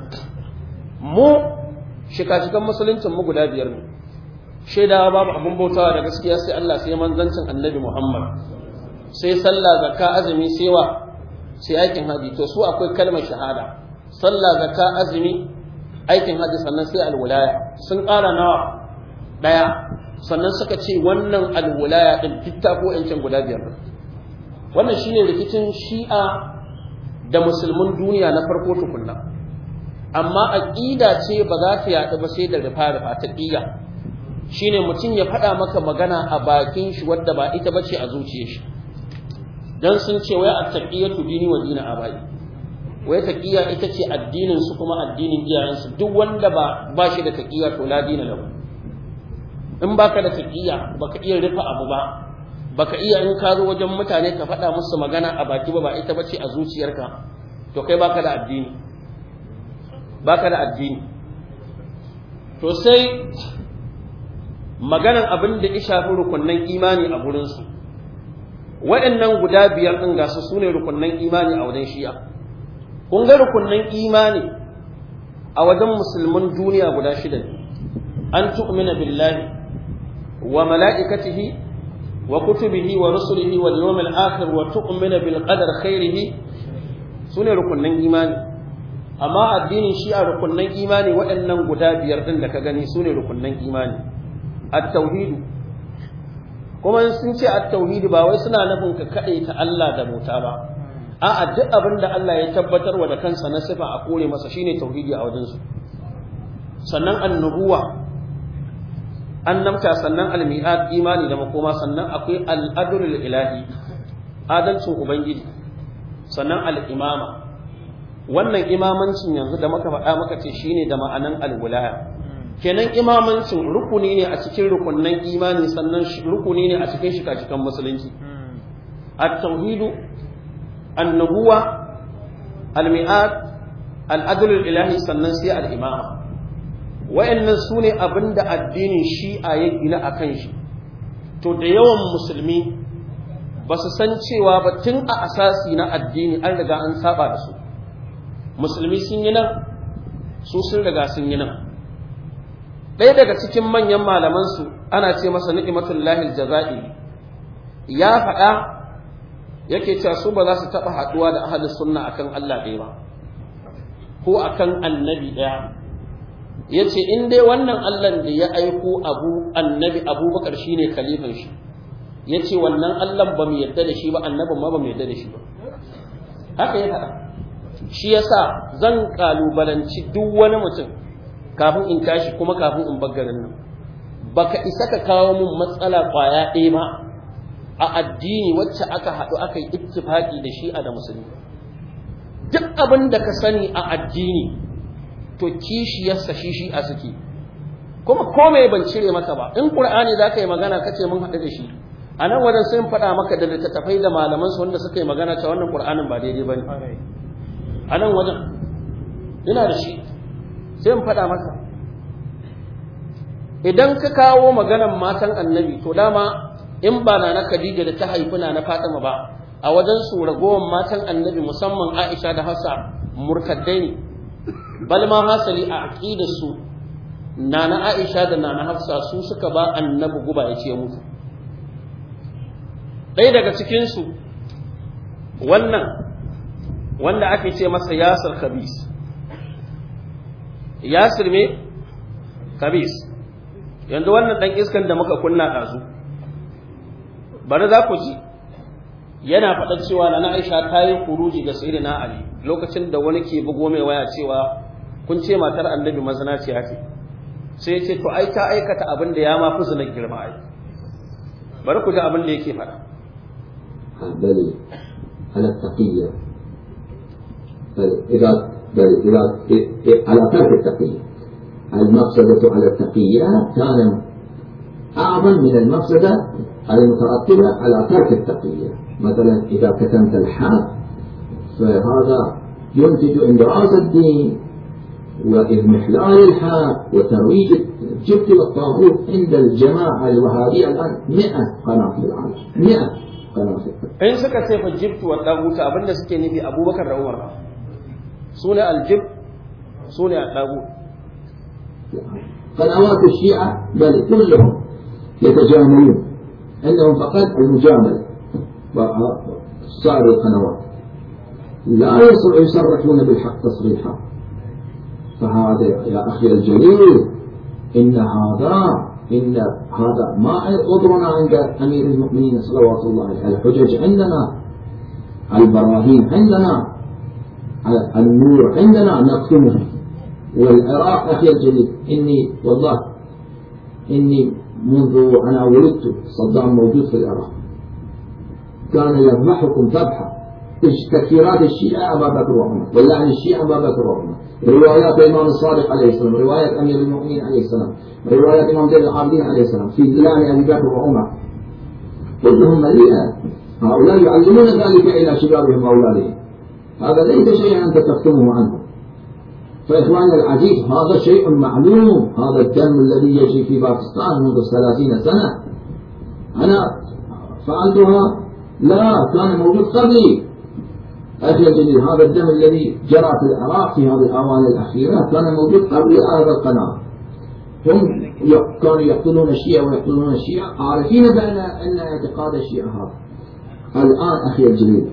mu shika-shikan musuluncin mu guda biyar ne shaidawa babu abin bautawa da gaskiya sai Allah sai manzancin annabi Muhammad sai sallah zakka azumi sai sai aikin haji to su akwai kalmar shahada sallah zakka azumi aikin haji sannan sai alwilaya sun ƙara nawa ɗaya sannan suka ce wannan alwilaya din fitta ko yancin guda biyar wannan shine rikicin shi'a da musulmin duniya na farko tukunna amma aqida ce ba za ta yadu ba sai da rufa-rufa ta ƙiya shine mutum ya faɗa maka magana a bakin shi wadda ba ita bace a zuciyar shi dan sun ce wai at-taqiyatu dini wa dini abai wai taqiya ita ce addinin su kuma addinin iyayensu duk wanda ba ba shi da taqiya to la dina lahu in baka da taqiya baka iya rufa abu ba baka iya in ka zo wajen mutane ka faɗa musu magana a baki ba ba ita bace a zuciyarka to kai baka da addini baka da addini to sai maganar abin da ya shafi rukunnan imani a gurinsu waɗannan guda biyar ɗin gasu su ne rukunnan imani a wajen shi'a kun ga rukunnan imani a wajen musulmin duniya guda shida ne an tu'mina billahi wa mala'ikatihi wa kutubihi wa rusulihi wa yawmil akhir wa tu'mina bil qadar khairihi su ne rukunnan imani amma addinin shi'a rukunnan imani waɗannan guda biyar ɗin da ka gani su ne rukunnan imani at-tauhidu kuma sun ce at-tauhidu ba wai suna nufin ka ta Allah da mota ba a'a duk abin da Allah ya tabbatar wa da kansa na sifa a kore masa shine tauhidi a wajensu sannan annubuwa annabta sannan almi'ad imani da makoma sannan akwai al-adlul ilahi adalcin ubangiji sannan al-imama wannan imamancin yanzu da maka faɗa maka ce shine da ma'anan alwulaya kenan imamancin rukuni ne a cikin rukunnan imani sannan rukuni ne a cikin shika musulunci at-tauhidu annabuwa al al-adl ilahi sannan sai al-imama wayannan sune abinda addinin shi'a ya gina akan shi to da yawan musulmi ba su san cewa ba tun a asasi na addini an riga an saba da su musulmi sun yi nan su sun riga sun yi nan ɗaya daga cikin manyan malamansu ana ce masa ni'imatul lahil jaza'i ya faɗa yake cewa su ba za su taɓa haɗuwa da ahalin sunna akan Allah ɗaya ba ko akan annabi ɗaya ya ce in dai wannan allan da ya aiko abu annabi abubakar shi ne kalifin shi ya ce wannan allan ba mu yadda da shi ba annabin ma ba mu yadda da shi ba haka ya faɗa shi yasa zan kalubalanci duk wani mutum kafin in tashi kuma kafin in baggarin nan baka isa ka kawo min matsala kwaya ɗaya ma a addini wacce aka haɗu aka yi ittifaqi da shi a da musulmi duk abin da ka sani a addini to kishi kishiyarsa shi shi a suke kuma komai ban cire maka ba in qur'ani za ka yi magana ka ce mun haɗu da shi a nan wajen sun faɗa maka da littattafai da malaman su wanda suka yi magana ta wannan qur'anin ba daidai ba ne a nan wajen ina da shi sai in faɗa maka idan ka kawo maganan matan annabi to dama in ba na na Khadija da ta haifi na na Fatima ba a wajen su ragowar matan annabi musamman Aisha da hasa murtaddai ne bal ma hasali a aqidar su na Aisha da na na Hafsa su suka ba annabi guba ya ce mutu ɗaya daga cikin su wannan wanda ake ce masa yasir khabis yasir me khabis yanzu wannan dan iskan da muka kunna ɗazu bari za ku ji yana faɗa cewa na Aisha ta yi kuruji ga sayyidina Ali lokacin da wani ke bugo mai waya cewa kun ce matar annabi mazana ce hake sai ya ce to ai ta aikata abin da ya ma fi zina girma ai bari ku ji abin da yake faɗa. Haddani, ana tafiya إذا إذا على ترك التقية المفسدة على التقية كان أعظم من المفسدة المترتبة على ترك التقية مثلا إذا كتمت الحق فهذا ينتج اندراس الدين وإضمحلال الحق وترويج الجبت والطاغوت عند الجماعة الوهابية الآن 100 قناة في العالم 100 قناة في العالم أين سكت سيف الجبت والطاغوت أبدا سكيني نبي أبو بكر وعمر؟ صنع الجب صنع الطاغوت قنوات الشيعة بل كلهم يتجاملون عندهم فقط المجاملة صار القنوات لا يصرحون بالحق تصريحا فهذا يا أخي الجليل إن هذا إن هذا ما عذرنا عند أمير المؤمنين صلوات الله عليه الحجج عندنا البراهين عندنا النور عندنا نقسمه والعراق أخي الجليل إني والله إني منذ أنا ولدت صدام موجود في العراق كان يذبحكم ذبحة تكفيرات الشيعة أبا بكر وعمر ولعن الشيعة أبا بكر وعمر روايات الإمام الصادق عليه السلام روايات أمير المؤمنين عليه السلام روايات إمام زين العابدين عليه السلام في لعن أبي بكر وعمر كلهم مليئة هؤلاء يعلمون ذلك إلى شبابهم وأولادهم هذا ليس شيئا أنت تكتمه عنه فإخواني العزيز هذا شيء معلوم هذا الدم الذي يجري في باكستان منذ ثلاثين سنة أنا فعلتها لا كان موجود قبلي أخي الجليل هذا الدم الذي جرى في العراق في هذه الآوان الأخيرة كان موجود قبل هذا القناة هم كانوا يقتلون الشيعة ويقتلون الشيعة عارفين بأن أن اعتقاد الشيعة هذا الآن أخي الجليل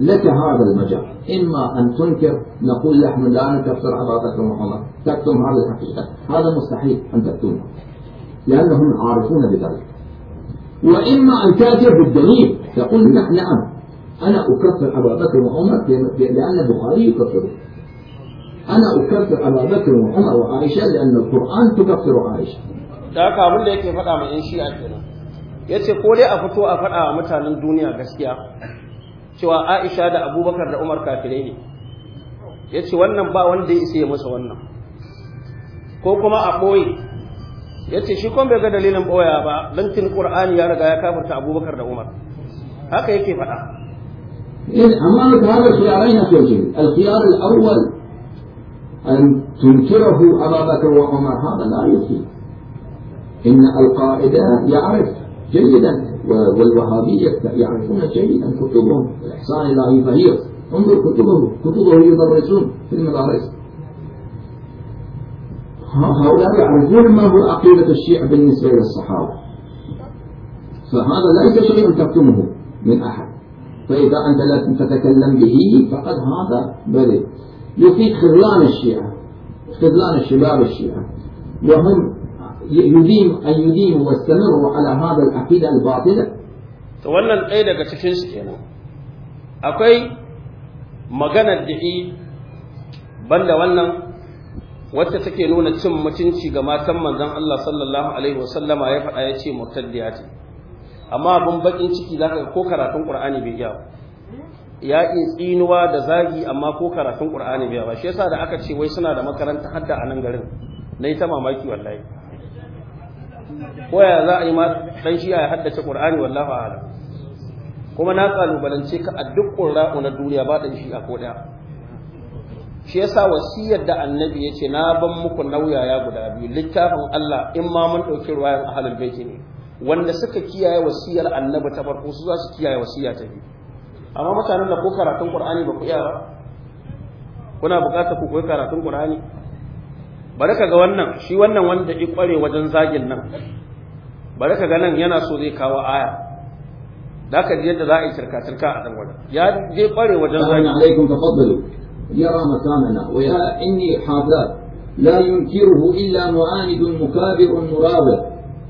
لك هذا المجال إما أن تنكر نقول نحن لا نكفر عبادة محمد تكتم هذه الحقيقة هذا مستحيل أن تكتمه لأنهم عارفون بذلك وإما أن تأتي بالدليل تقول نعم نعم أنا أكفر أبا بكر وعمر لأن البخاري يكفره أنا أكفر أبا بكر وعمر وعائشة لأن القرآن تكفر عائشة da abin da yake faɗa ma 'yan shi'a kenan ya ce ko dai a fito a faɗa wa mutanen duniya gaskiya cewa Aisha da Abubakar da Umar kafirai ne yace wannan ba wanda ya isa ya masa wannan ko kuma a boye yace shi kon bai ga dalilin boya ba lantin Qur'ani ya riga ya kafarta Abubakar da Umar haka yake fada amma da shi a faɗa أمامك هذا الخيارين توجه الخيار الأول أن تنكره wa Umar وعمر هذا yake inna al-qa'ida ya'rif جيدا والوهابية يعرفون جيدا كتبهم الإحسان ابي فهير انظر كتبه كتبه يدرسون في المدارس هؤلاء يعرفون ما هو عقيدة الشيعة بالنسبة إلى الصحابة فهذا ليس شيء تكتمه من أحد فإذا أنت لا تتكلم به فقد هذا بريء يفيد خذلان الشيعة خذلان شباب الشيعة وهم يديم أن يديم ويستمر على هذا العقيدة الباطلة to wannan ɗaya daga cikinsu kenan akwai maganar da'i banda wannan wacce take nuna cin mutunci ga matan manzon Allah sallallahu alaihi wasallama ya faɗa ya ce murtaddiya ce amma abin bakin ciki zaka ko karatun Qur'ani bai iya ya yi tsinuwa da zagi amma ko karatun Qur'ani bai ba shi yasa da aka ce wai suna da makaranta hadda a nan garin na yi ta mamaki wallahi ko ya za a yi ma dan shi ya haddace qur'ani wallahi a'lam kuma na kalubalance ka a duk qur'a'u na duniya ba dan shi a ko daya shi yasa wasiyar da annabi ya ce na ban muku nauyaya guda biyu littafin Allah in ma mun dauki ruwayan ahlul baiti ne wanda suka kiyaye wasiyar annabi ta farko su za su kiyaye wasiya ta biyu amma mutanen da ko karatun qur'ani ba ku iya ba kuna buƙatar ku koyi karatun qur'ani bari ka ga wannan shi wannan wanda ya kware wajen zagin nan bari ka ganin yana so zai kawo aya da ka ji yadda za a yi turka-turka a dan wajen ya je kware wajen zani alaikum tafaddalu yara makamana wa ya inni hafaz la yunkiruhu illa mu'anidun mukabirun murabir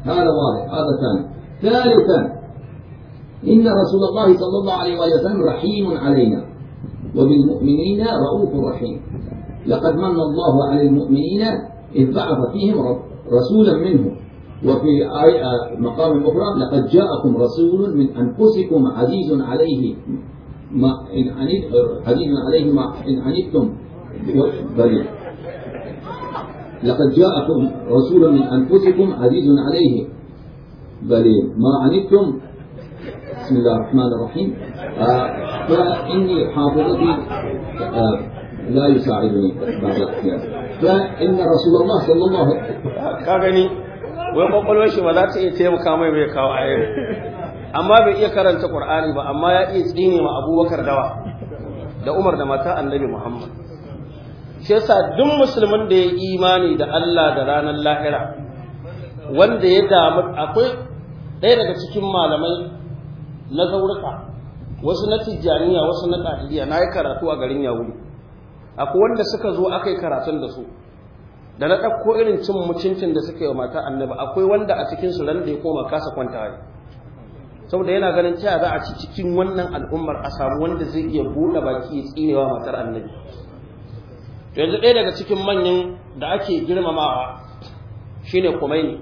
hada wahid hada tan thani inna rasulullah sallallahu alaihi wa sallam عليه وسلم wa bil وبالمؤمنين رؤوف rahim لقد من الله على المؤمنين إذ بعث فيهم رسولا منهم وفي آية مقام أخرى لقد جاءكم رسول من أنفسكم عزيز عليه ما إن عنيت عزيز عليه ما إن عنيتم لقد جاءكم رسول من أنفسكم عزيز عليه بل ما عنيتم بسم الله الرحمن الرحيم آه، فإني حافظتي آه، لا يساعدني بعد الأحيان فإن رسول الله صلى الله عليه وسلم wai kwakwalwar shi ba za ta iya taimaka mai mai kawo ayoyi amma bai iya karanta qur'ani ba amma ya iya tsine ma abubakar dawa da umar da mata annabi muhammad shi yasa duk musulmin da ya imani da allah da ranar lahira wanda ya damu akwai ɗaya daga cikin malamai na zaurika wasu na tijjaniya wasu na ƙadiriya na yi karatu a garin yahudi akwai wanda suka zo aka yi karatun da su da na ɗauko irin cin mutuncin da suka yi wa mata annabi akwai wanda a cikinsu ran da ya koma kasa kwanta ne saboda yana ganin cewa za a ci cikin wannan al'ummar a samu wanda zai iya buɗe baki ya tsinewa matar annabi to yanzu ɗaya daga cikin manyan da ake girmamawa shine kumaini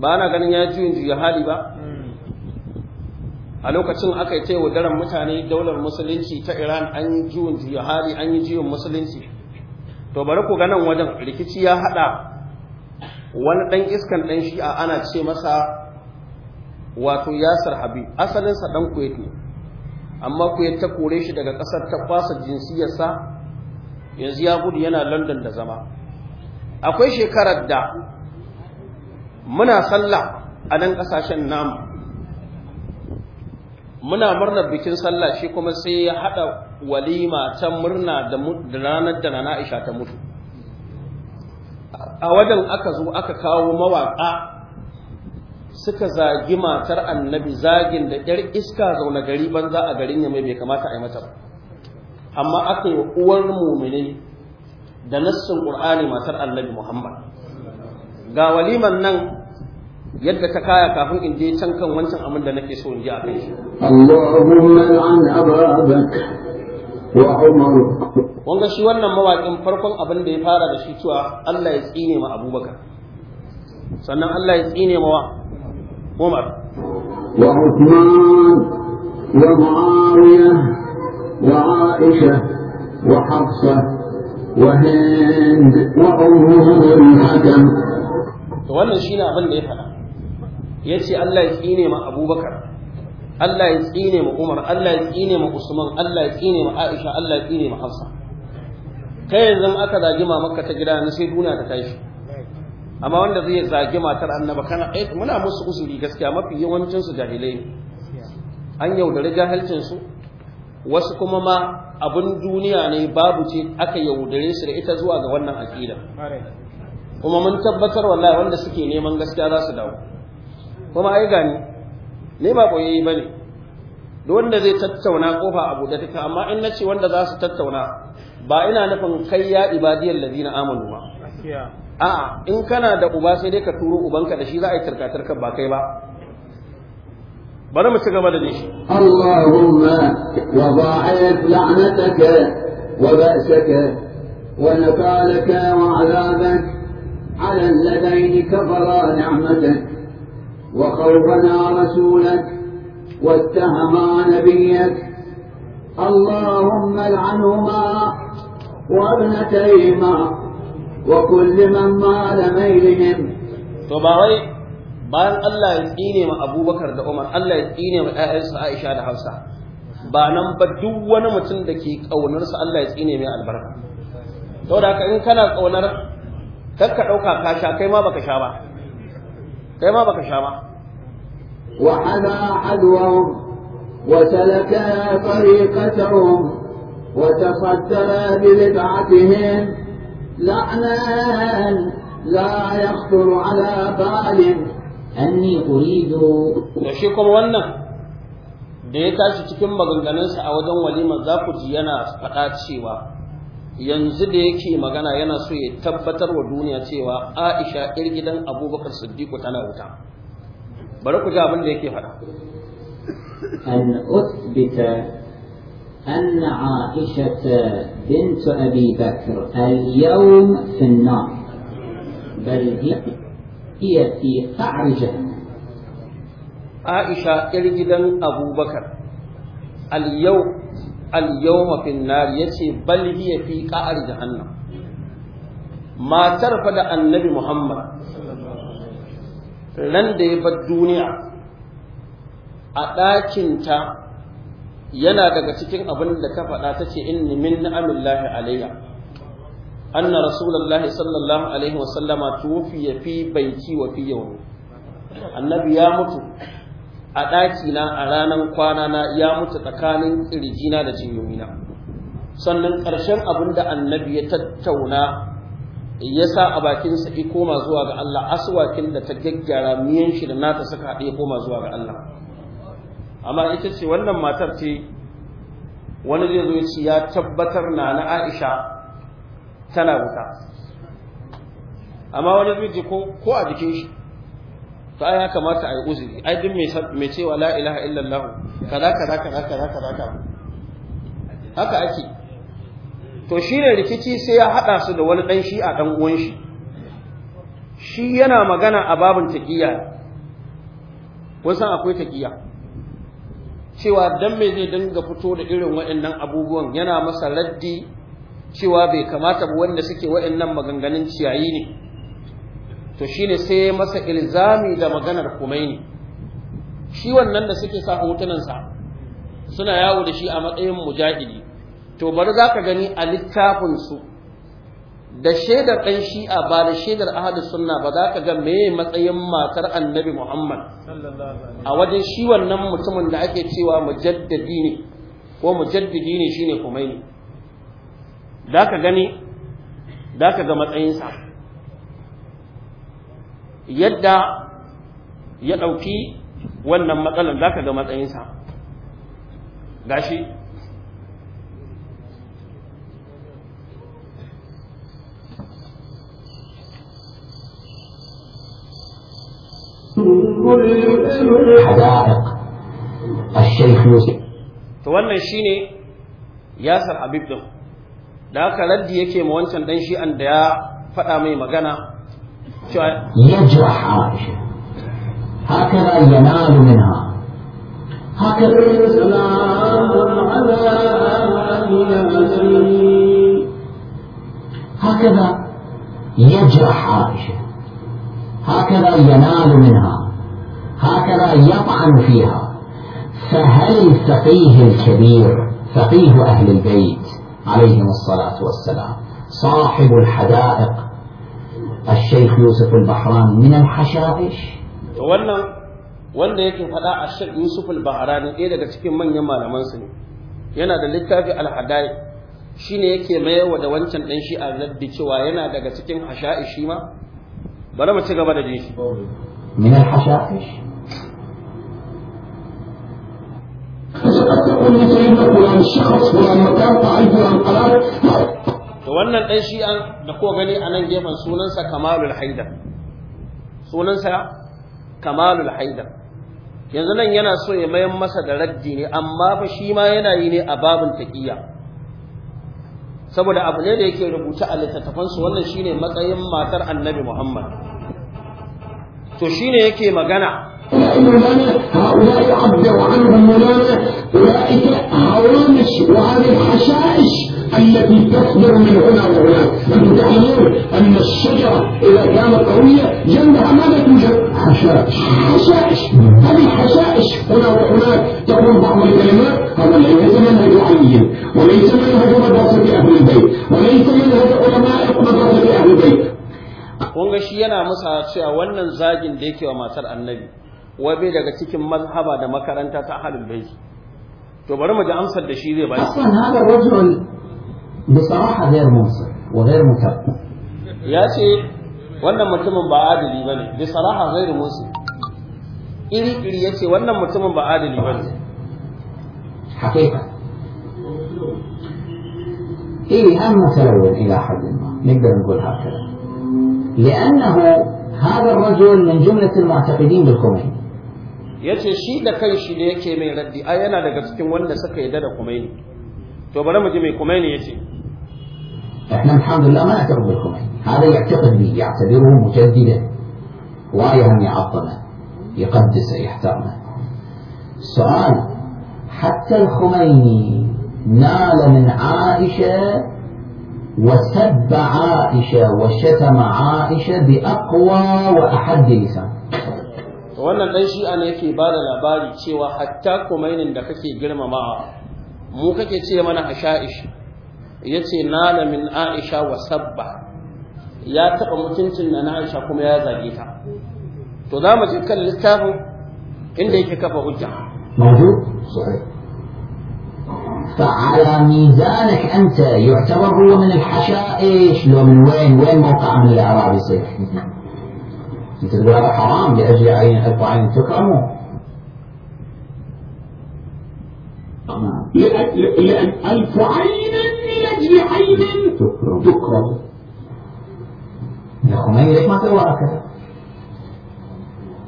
ba ana ganin ya juyin juya hali ba a lokacin aka yi ta daren mutane daular musulunci ta iran an yi juyin juya hali an yi juyin musulunci to bari ku ganin wajen rikici ya haɗa wani ɗan iskan ɗan shi'a ana ce masa wato yasir Habi. asalinsa ɗan kuwait ne amma kuwait ta kore shi daga ƙasar ta kwasa jinsiyarsa yanzu ya gudu yana london da zama akwai shekarar da muna sallah a nan ƙasashen namu muna murnar bikin sallah shi kuma sai ya haɗa walima ta murna da ranar da na ta mutu a wajen aka zo aka kawo mawaƙa suka zagi matar annabi zagin da ƴar iska zaune gari banza a garin yamai bai kamata a yi mata amma aka yi uwar mumini da nassin ƙur'ani matar annabi muhammad ga waliman nan yadda ta kaya kafin in je can kan wancan abin da nake so in ji a kai shi Allahumma an wa wanga shi wannan mawaƙin farkon abin da ya fara da shi cewa Allah ya tsine ma Abubakar sannan Allah ya tsine ma wa Umar wa Uthman wa Muawiya wa Aisha wa Hafsa wa Hind wa Ummu Hakim to wannan shine abin da ya fara ya ce Allah ya tsine ma abubakar Allah ya tsine ma umar Allah ya tsine ma usman Allah ya tsine ma aisha Allah ya tsine ma hafsa kai yanzu aka zagi mamarka ta gida na sai duniya ta tashi amma wanda zai zagi matar annaba kana ai eh, muna musu usuri gaskiya mafi yawancin su jahilai ne an yaudari jahilcin su wasu kuma ma abin duniya ne babu ce aka yaudare su da ita zuwa ga wannan aqida kuma mun tabbatar wallahi wanda suke neman gaskiya za su dawo kuma ai gani ne ba koyi ba ne duk wanda zai tattauna kofa abu da take amma in nace wanda za su tattauna ba ina nufin kai ya ibadiyal ladina amanu ba a'a in kana da uba sai dai ka turo ubanka da shi za a yi tarkatarka ba kai ba bari mu ci gaba da nishi Allahumma wa ba'id la'nataka wa ba'saka wa nakalaka wa 'adabaka 'ala alladhina kafara ni'matak وخوفنا رسولك واتهما نبيك اللهم العنهما وابنتيهما وكل من مال ميلهم فباوي bayan Allah ya tsine ma Abubakar da Umar Allah ya tsine ma ƴaƴansa Aisha da Hafsa ba nan ba duk wani mutum da ke ƙaunarsa Allah ya tsine mai albarka saboda haka in kana ƙaunar kar ka ɗauka ka sha kai ma baka sha ba kai ma baka sha ba وحذا عدوهم وسلك طريقتهم وتصدر ببدعتهم لعنا لا يخطر على بال أني أريد وشيكم ونا da ya tashi cikin maganganunsa a wajen walima za ku ji yana faɗa cewa yanzu da yake magana yana so ya tabbatar wa duniya cewa aisha 'yar gidan abubakar siddiqu tana wuta bari ku ji abin da yake faɗa an uthbita أن عائشة بنت أبي بكر اليوم في النار بل هي في قعر جهنم عائشة إرجدا أبو بكر اليوم اليوم في النار يسي بل هي في قعر جهنم ما ترفض النبي محمد ran da ya bar duniya a ɗakinta yana daga cikin abin da ka faɗa ta ce inni min ni'amillahi alayya anna rasulullahi sallallahu alaihi wasallama tuwfiya fi baiti wa fi yawmi annabi ya mutu a ɗakina a ranar kwana na ya mutu tsakanin ƙirjina da jinyoyina sannan ƙarshen abin da annabi ya tattauna ya sa a bakinsa ya koma zuwa ga Allah aswakin da ta gaggara miyan shi da nata suka haɗe ya koma zuwa ga Allah amma ita ce wannan matar ce wani zai zo ce ya tabbatar na na Aisha tana wuta amma wani zai ce ko a jikin shi ta ya kamata a yi uzuri ai duk mai cewa la ilaha illallah kaza kaza kaza kaza kaza haka ake to shi ne rikici sai ya haɗa su da wani ɗan shi a ɗan uwan shi shi yana magana a babin taƙiyya kun san akwai taƙiyya cewa dan me zai dinga fito da irin waɗannan abubuwan yana masa raddi cewa bai kamata ba wanda suke waɗannan maganganun ciyayi ne to shi ne sai ya masa ilzami da maganar ne, shi wannan da suke sa hotunansa suna yawo da shi a matsayin mujahidi to bari za ka gani a littafinsu da shaidar ɗan shi'a ba da shaidar ahadu sunna ba za ka ga meye matsayin matar annabi muhammad a wajen shi wannan mutumin da ake cewa mujaddadi ne ko mujaddadi ne shine ne? Za ka gani za ka ga matsayinsa yadda ya ɗauki wannan matsalar za ka ga matsayinsa gashi حدائق الشيخ يوسف توانا شيني ياسر حبيب دخ دا كالد يكي موانسان ان ديا فتا مي يجرح عائشة هكذا ينال منها هكذا يجرح عائشة هكذا ينال منها هكذا يطعن فيها فهل الفقيه الكبير فقيه أهل البيت عليهم الصلاة والسلام صاحب الحدائق الشيخ يوسف البحران من الحشائش ولا ولا يمكن هذا الشيخ يوسف البحراني إذا إيه تكون من يما لمن سنة yana da littafi al-hadai shine yake mai da wancan dan shi al-raddi cewa yana daga cikin hasha'i shi ma bari mu ci wani ɗan da to wannan dan an da ko gani a nan gefen sunansa Kamalul Haidar sunansa Kamalul Haidar yanzu nan yana so ya mayan masa da raddi ne amma fa shi ma yana yi ne a babin taqiyya saboda abu ne da yake rubuta a littattafansu wannan shine matsayin matar annabi Muhammad to shine yake magana مولانا هؤلاء عبر عنهم مولانا أولئك هوامش وهذه الحشائش التي تصدر من هنا وهناك انتم تعلمون ان الشجره اذا كانت قويه جنبها ماذا توجد؟ حشائش حشائش هذه الحشائش هنا وهناك تقول بعض الكلمات هذا ليس منهج علي وليس منهج مدرسه اهل البيت وليس منهج علماء مدرسه اهل البيت kun ga shi yana masa cewa wannan zagin da yake wa matar annabi wai bai daga cikin mazhaba da makaranta ta ahlul bayt to bari mu ji amsar da shi zai ba shi hada rajul بصراحه غير wa وغير mutab ya ce wannan mutumin ba adali bane bi salaha ghairu musi iri iri yace wannan mutumin ba adali bane haqiqa إيه أم متلون إلى حد ما نقدر نقول هكذا لأنه هذا الرجل من جملة المعتقدين بالخميني yace shi da kan shi yake mai raddi ai yana daga cikin wanda suka yi da Khomeini to bari mu ji mai Khomeini yace احنا الحمد لله ما نعترف بالخميني هذا يعتقد به يعتبره مجددا رايهم يعظمه يقدسه يحترمه السؤال حتى الخميني نال من عائشه وسب عائشه وشتم عائشه باقوى واحد لسان to wannan dan shi ana yake ba da labari cewa hatta kumainin da kake girmamawa mu kake ce mana asha'ish yace nala min aisha wa sabba ya taba mutuncin na aisha kuma ya zage ta to za mu je kan littafin inda yake kafa hujja موجود صحيح فعلى ميزانك انت يعتبر هو من الحشائش لو من وين وين موقع من الاعراب يصير أنت تقول هذا حرام لأجل عين ألف عين تكرمه لأن ألف عين لأجل عين تكرم تكرم خميني ليش ما سوى هكذا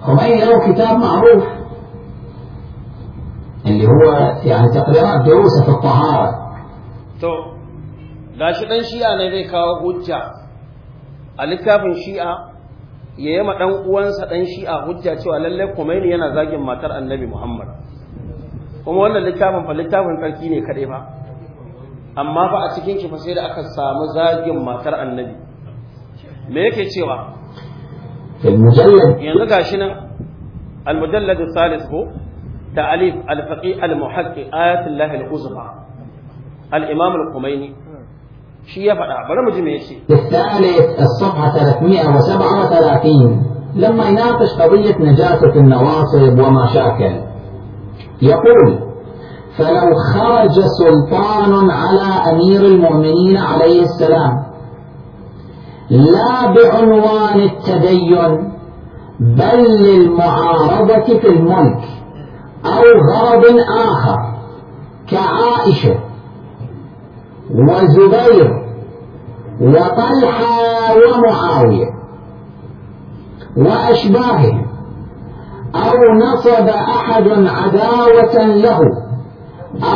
خميني له كتاب معروف اللي هو يعني تقريرات دروسه في الطهارة تو لا شيء shi'a ne zai kawo الكتاب الشيعه ya ma ɗan uwansa ɗan shi'a hujja cewa lallai Khomeini yana zagin matar Annabi Muhammad kuma wannan littafin fa littafin tsarki ne kaɗai fa amma fa a cikin shi fa sai da aka samu zagin matar Annabi me yake cewa yanzu gashi nan al salis ko ta'alif al-faqih al-muhaqqiq ayatullah al-uzma al-imam al shi فدا بلا bari شيء ji الثالث الصفحة 337 لما يناقش قضية نجاسة النواصب وما شاكل يقول فلو خرج سلطان على أمير المؤمنين عليه السلام لا بعنوان التدين بل للمعارضة في الملك أو غرض آخر كعائشة وزبير وطلحة ومعاوية وأشباههم أو نصب أحد عداوة له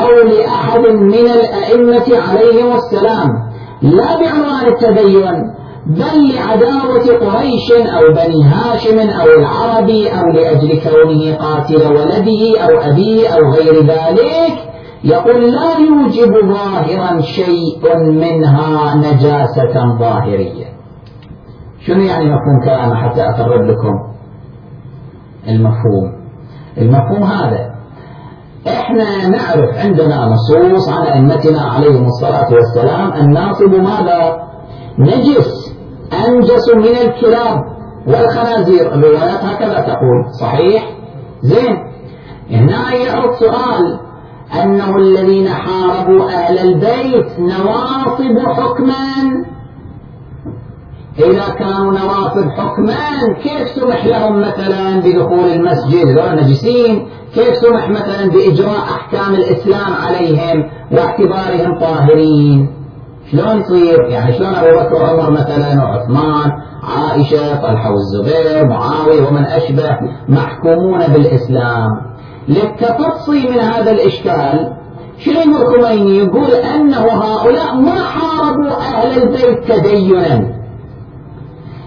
أو لأحد من الأئمة عليهم السلام لا بعنوان التدين بل لعداوة قريش أو بني هاشم أو العربي أو لأجل كونه قاتل ولده أو أبيه أو غير ذلك يقول لا يوجب ظاهرا شيء منها نجاسة ظاهرية شنو يعني مفهوم كلامه حتى أقرب لكم المفهوم المفهوم هذا احنا نعرف عندنا نصوص عن أئمتنا عليهم الصلاة والسلام الناصب ماذا نجس أنجس من الكلاب والخنازير الروايات هكذا تقول صحيح زين هنا يعرض سؤال أنه الذين حاربوا أهل البيت نواصب حكما إذا كانوا نواصب حكما كيف سمح لهم مثلا بدخول المسجد غير نجسين كيف سمح مثلا بإجراء أحكام الإسلام عليهم واعتبارهم طاهرين شلون يصير يعني شلون أبو بكر وعمر مثلا وعثمان عائشة طلحة والزبير معاوية ومن أشبه محكومون بالإسلام للتفصي من هذا الإشكال شيخ الخميني يقول أنه هؤلاء ما حاربوا أهل البيت تدينا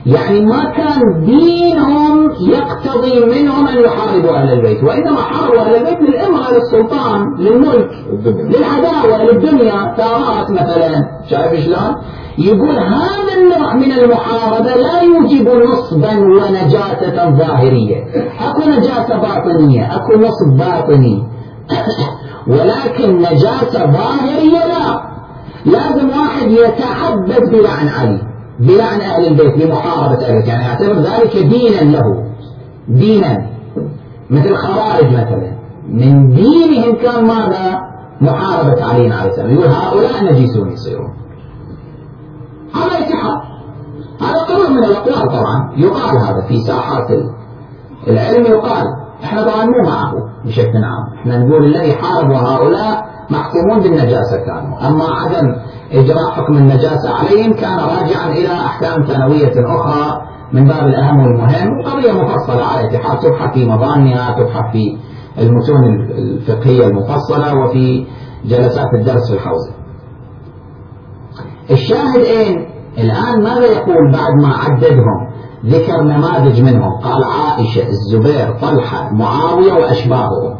يعني ما كان دينهم يقتضي منهم أن يحاربوا أهل البيت وإنما حاربوا أهل البيت للإمرأة للسلطان للملك للعداوة للدنيا ثارات مثلا شايف شلون يقول هذا النوع من المحاربة لا يوجب نصبا ونجاسة ظاهرية أكو نجاسة باطنية أكو نصب باطني [COUGHS] ولكن نجاسة ظاهرية لا لازم واحد يتحدث بلعن علي بلعن أهل البيت لمحاربة أهل البيت يعني يعتبر ذلك دينا له دينا مثل الخوارج مثلا من دينهم كان ماذا محاربة علينا عليه السلام يقول هؤلاء نجيسون يصيرون هذا اتحاد هذا قول من الاقوال طبعا يقال هذا في ساحات العلم يقال احنا طبعا مو معه بشكل عام احنا نقول الذي حارب هؤلاء محكومون بالنجاسة كانوا أما عدم إجراء حكم النجاسة عليهم كان راجعا إلى أحكام ثانوية أخرى من باب الأهم والمهم وقضية مفصلة على اتحاد تبحث في مظانها تبحث في المتون الفقهية المفصلة وفي جلسات الدرس في الحوزة الشاهد ايه الآن ماذا يقول بعد ما عددهم ذكر نماذج منهم قال عائشة الزبير طلحة معاوية وأشباههم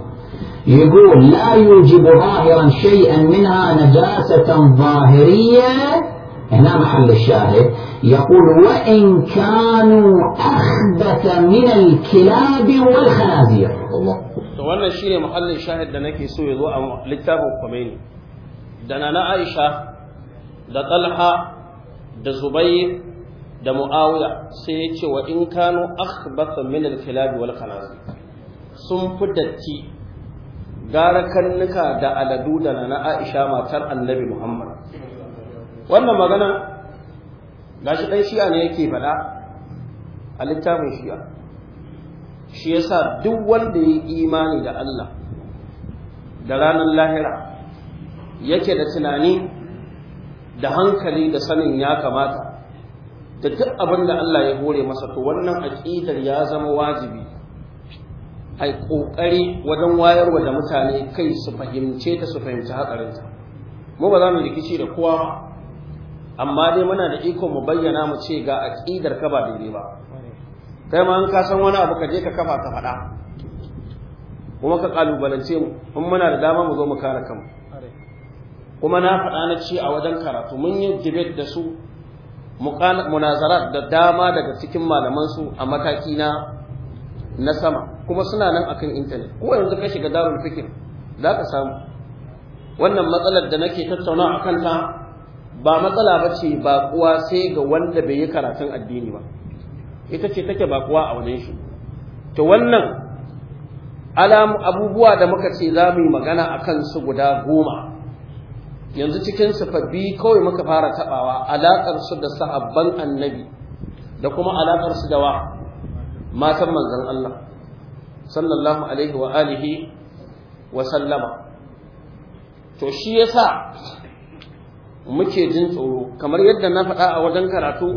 يقول لا يوجب ظاهرا شيئا منها نجاسة ظاهرية هنا محل الشاهد يقول وإن كانوا أخبث من الكلاب والخنازير الله wannan انا mahallin shahid الشاهد ده so ya zo a littafin Khomeini da da talha da zubair da mu'awiya sai ya ce wa in kano akhbatha min al-kilab wal sun fi datti gara kannuka da aladu da na Aisha matar Annabi Muhammad wannan magana gashi dan shi'a ne yake faɗa a littafin shi'a shi yasa duk wanda ya imani da Allah da ranar lahira yake da tunani da hankali da sanin ya kamata da duk abin da Allah ya hore masa to wannan aƙidar ya zama wajibi ai ƙoƙari wajen wayarwa da mutane kai su fahimce ta su fahimci hatsarinta mu ba za mu rikici da kowa amma dai muna da iko mu bayyana mu ce ga aƙidar ka ba daidai ba kai ma in ka san wani abu ka je ka kafa ka faɗa kuma ka ƙalubalance mu in muna da dama mu zo mu kare kanmu kuma na faɗa na ce a wajen karatu mun yi debate da su munazarat da dama daga cikin malamansu a mataki na na sama kuma suna nan akan intanet ko yanzu ka shiga darul fikir za ka samu wannan matsalar da nake tattauna a kanta ba matsala ba ce ba kuwa sai ga wanda bai yi karatun addini ba ita ce take ba kuwa a wajen shi to wannan alam abubuwa da muka ce za mu yi magana a kansu guda goma yanzu cikin sababbi kawai muka fara taɓawa alakar su da sahabban annabi da kuma alakar su da wa matan manzon Allah sallallahu alaihi wa alihi wa sallama to shi yasa muke jin tsoro kamar yadda na faɗa a wajen karatu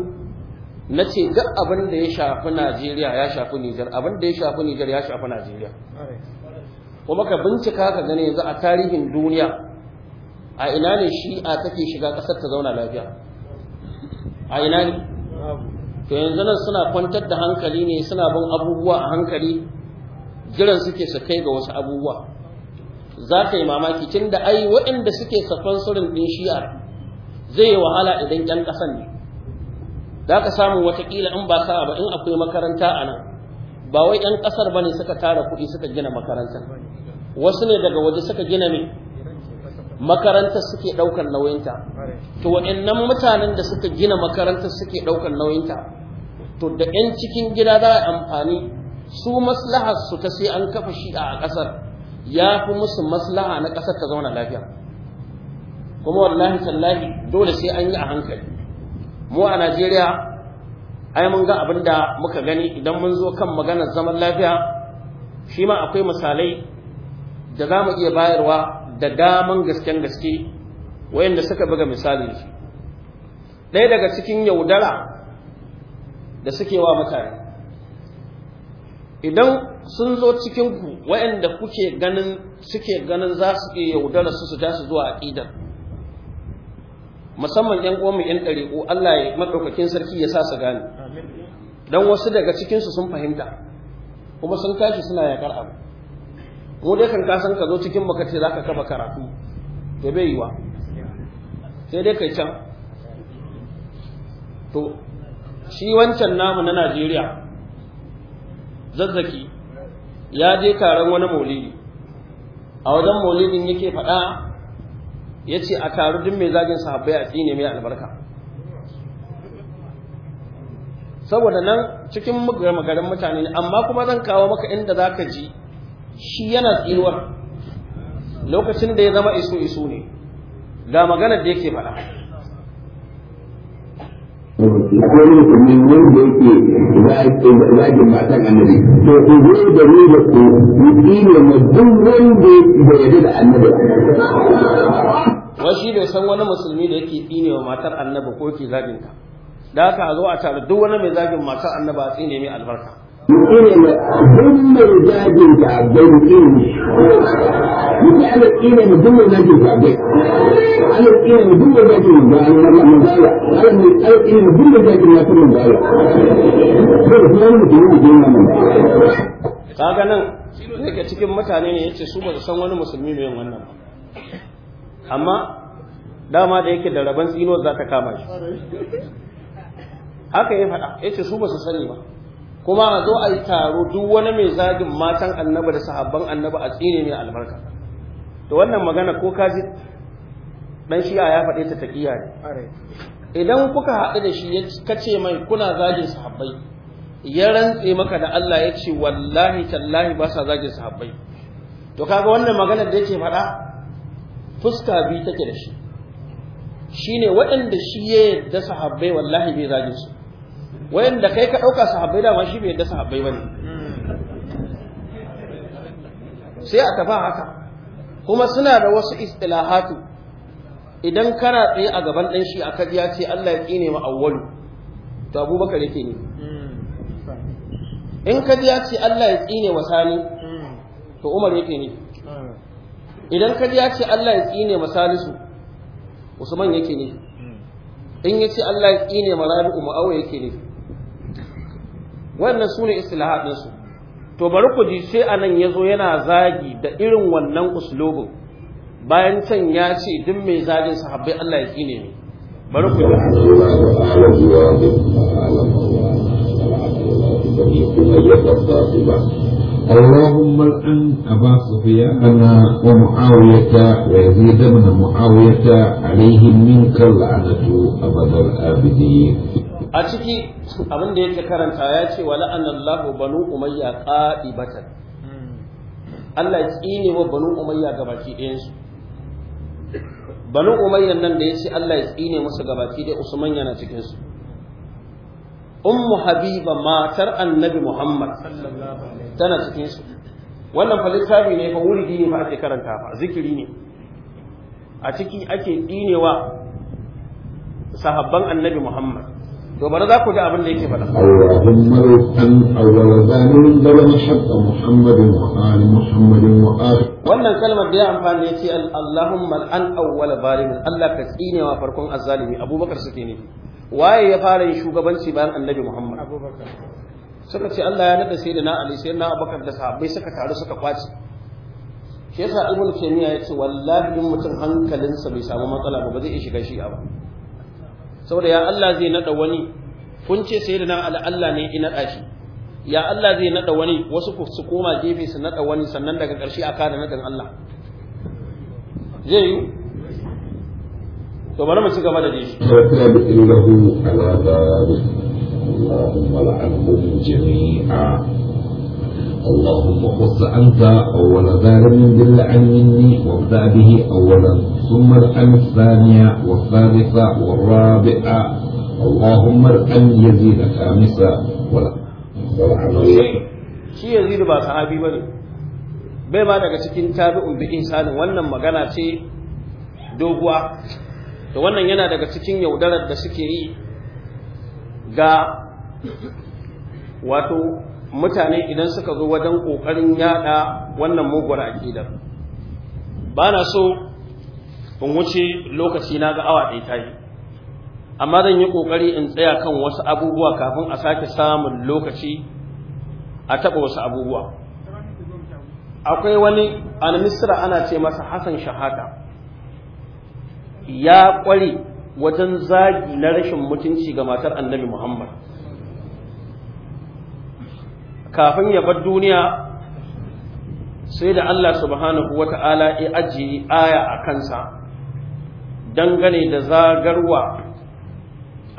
na ce duk abin da ya shafi Najeriya ya shafi Nijar abin da ya shafi Nijar ya shafi Najeriya kuma ka bincika ka gane yanzu a tarihin duniya a ina ne shi'a kake shiga ƙasar ta zauna lafiya a ina ne to yanzu nan suna kwantar da hankali ne suna bin abubuwa a hankali jiran suke su kai ga wasu abubuwa za ka yi mamaki tun da ai waɗanda suke sponsorin ɗin shi'a zai yi wahala idan ƙyan ƙasan ne za ka samu watakila in ba sa'a ba in akwai makaranta a nan ba wai ƴan ƙasar ba ne suka tara kuɗi suka gina makaranta wasu ne daga waje suka gina mai makarantar suke ɗaukar nauyinta to wa'annan mutanen da suka gina makarantar suke ɗaukar nauyinta to da 'yan cikin gida za a amfani su maslahar su ta sai an kafa shi a ƙasar ya fi musu maslaha na ƙasar ta zauna lafiya kuma wallahi tallahi dole sai an yi a hankali mu a najeriya ai mun ga abin da muka gani idan mun zo kan maganar zaman lafiya shi ma akwai misalai da za mu iya bayarwa da daman gasken gaske wayanda suka buga misalin shi ɗaya daga cikin yaudara da suke wa mutane idan sun zo cikinku wayanda kuke ganin suke ganin za su iya yaudara su su su zuwa aƙidar musamman ‘yan uwanmu ‘yan ɗariƙo Allah ya maɗaukakin sarki ya sa su gane don wasu daga cikinsu sun fahimta kuma sun tashi suna yaƙar abu mu dai kan kasan ka zo cikin baka ce ka kafa karatu da bai yi wa? sai dai kai can to shi wancan namu na Najeriya zazzaki ya je taron wani maulidi a wajen maulidin yake faɗa ya ce a taru duk mai zagin sahabbai a tsine mai albarka saboda nan cikin magarin mutane amma kuma zan kawo maka inda za ka ji shi yana tsinuwar lokacin da ya zama isu-isu ne ga magana da yake faɗa akwai musulmi wanda yake zagin matan annabi to ku zo da ni da ku ku tsine ma duk wanda bai yarda da annabi wai shi bai san wani musulmi da yake tsine wa matar annabi ko yake zaɓin ka, da haka a zo a tare duk wani mai zagin matar annabi a tsine mai albarka mutum nan daga cikin mutane ne yace su san wani musulmi mai wannan amma dama da yake da rabon tsino za ta kama shi haka ya faɗa yace su ba su sani ba kuma a zo a yi taro duk wani mai zagin matan annaba da sahabban annaba a tsine mai albarka to wannan magana ko ka ji dan shi'a ya faɗe ta taƙiya ne idan kuka haɗu da shi ka ce mai kuna zagin sahabbai ya rantse maka da Allah ya ce wallahi tallahi ba sa zagin sahabbai to kaga wannan maganar da yake faɗa fuska biyu take da shi shine waɗanda shi ya yarda sahabbai wallahi bai zagin su wayanda kai ka ɗauka sahabbai ma shi bai yadda sahabbai bane sai aka ba haka kuma suna da wasu istilahatu idan kana tsaye a gaban dan shi aka ya ce Allah ya kine ma awwalu to abubakar yake ne in ka ji ya ce Allah ya tsine wa sani to umar yake ne idan ka ji ya ce Allah ya tsine wa salisu usman yake ne in ya ce Allah ya tsine ma rabi'u mu'awiya yake ne wannan su ne istilahaɗinsu to bari ku ji sai a nan ya zo yana zagi da irin wannan uslubin bayan can ya ce duk mai zagin sahabbai Allah ya tsine ne bari ku ji اللهم الآن أبا سفيان ومعاوية ويزيد بن معاوية عليهم منك اللعنة أبد الآبدين a ciki abin da yake karanta ya ce wa la'anallahu banu umayya qa'ibatan Allah ya tsine wa banu umayya gabaki ɗayan su banu umayyan nan da yace Allah ya tsine musu gabaki ɗaya usman yana cikin su ummu habiba matar annabi muhammad tana cikin su wannan fa littafi ne fa wuri ne fa ake karanta fa zikiri ne a ciki ake tsinewa sahabban annabi muhammad to bari za ku ji abin da yake faɗa Allahumma an awwala zalim zalama hatta Muhammadin wa ali Muhammadin wa ali wannan kalmar da ya amfani yace Allahumma an awwala zalim Allah ka tsinewa farkon azzalimi Abubakar suke ne waye ya fara yin shugabanci bayan Annabi Muhammad Abubakar suka ce Allah ya naɗa sai da sayyidina Ali sayyidina Abubakar da sahabbai suka taru suka kwace shi yasa Ibn Taymiyyah yace wallahi in mutum hankalinsa bai samu matsala ba ba zai iya shiga shi'a ba saboda ya Allah zai naɗa wani kun ce sai da na Allah ne ina naɗa shi ya Allah zai naɗa wani wasu su koma gefe su naɗa wani sannan daga ƙarshe a kada nadan Allah zai yi to bari mu ci gaba da dishi اللهم لعنهم جميعا اللهم خص أنت أول ذار a مني وابدأ به أولا ثم الحم الثانية والثالثة والرابعة اللهم ارحم يزيد خامسة ولا ولعن الله shi yazidu ba sahabi bane bai ma daga cikin tabi'un bi insanin wannan magana ce doguwa da wannan yana daga cikin yaudarar da suke yi ga wato mutane idan suka zo wajen ƙoƙarin yada wannan muguwar aƙidar ba na so in wuce lokaci na ga awa ɗaya tayi amma zan yi ƙoƙari in tsaya kan wasu abubuwa kafin a sake samun lokaci a taɓa wasu abubuwa akwai wani an misira ana ce masa hassan shahada. ya ƙware wajen zagi na rashin mutunci ga matar annabi muhammad kafin ya bar duniya sai da Allah subhanahu Ta'ala ya ajiye aya a kansa dangane da zagarwa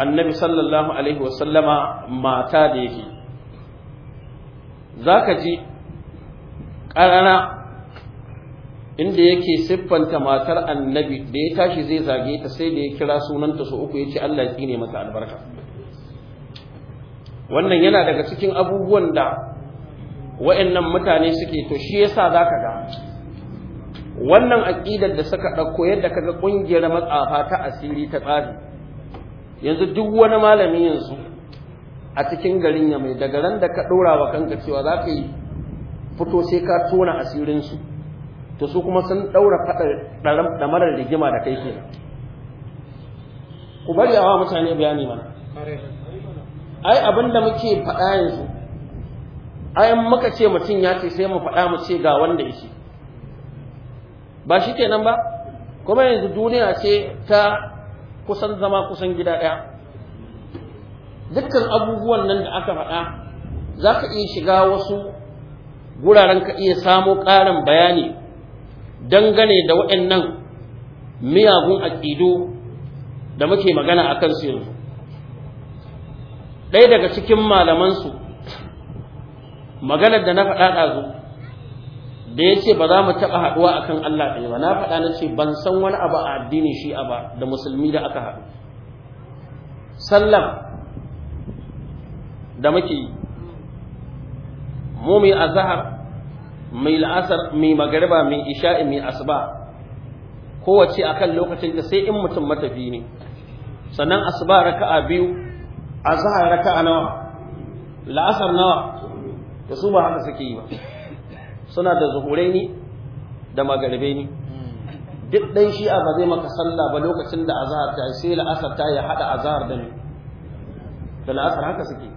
annabi sallallahu alaihi wasallama mata da yake za ka ji ƙarana inda yake siffanta matar annabi da ya tashi zai zage ta sai da ya kira sunanta su uku ya ce Allah ya tsine mata albarka wannan yana daga cikin abubuwan da wa'annan mutane suke to shi yasa ka ga wannan aƙidar da suka ɗauko yadda ka ga ƙungiyar matsafa ta asiri ta tsari yanzu duk wani malami yanzu a cikin garin ya mai daga ran da ka ɗora wa kanka cewa za ka yi fito sai ka tona asirinsu to su kuma sun ɗaura faɗa ɗamarar rigima da kai kenan ku bari a wa mutane bayani mana ai abin da muke faɗa yanzu ai muka ce mutum ya ce sai mu faɗa mu ce ga wanda yake ba shi ke nan ba kuma yanzu duniya ce ta kusan zama kusan gida ɗaya dukkan abubuwan nan da aka faɗa za ka iya shiga wasu guraren ka iya samo ƙarin bayani dangane da waɗannan miyagun aƙidu da muke magana a kansu yanzu ɗaya daga cikin malamansu maganar da na faɗa ɗazu da ya ce ba za mu taɓa haɗuwa a kan Allah ɗaya ba na faɗa na ce ban san wani abu a addini shi a ba da musulmi da aka haɗu sallam da muke yi mu mai azahar mai la'asar mai magariba mai isha'i mai asuba kowace akan lokacin da sai in mutum matafi ne sannan asuba raka'a biyu azhar raka'a nawa la'asar nawa da su ba haka suke yi ba suna da ne da ne duk dan shi'a ba zai maka sallah ba lokacin da azahar ta yi, sai la'asar ta ya haɗa azahar da ne da la'asar haka suke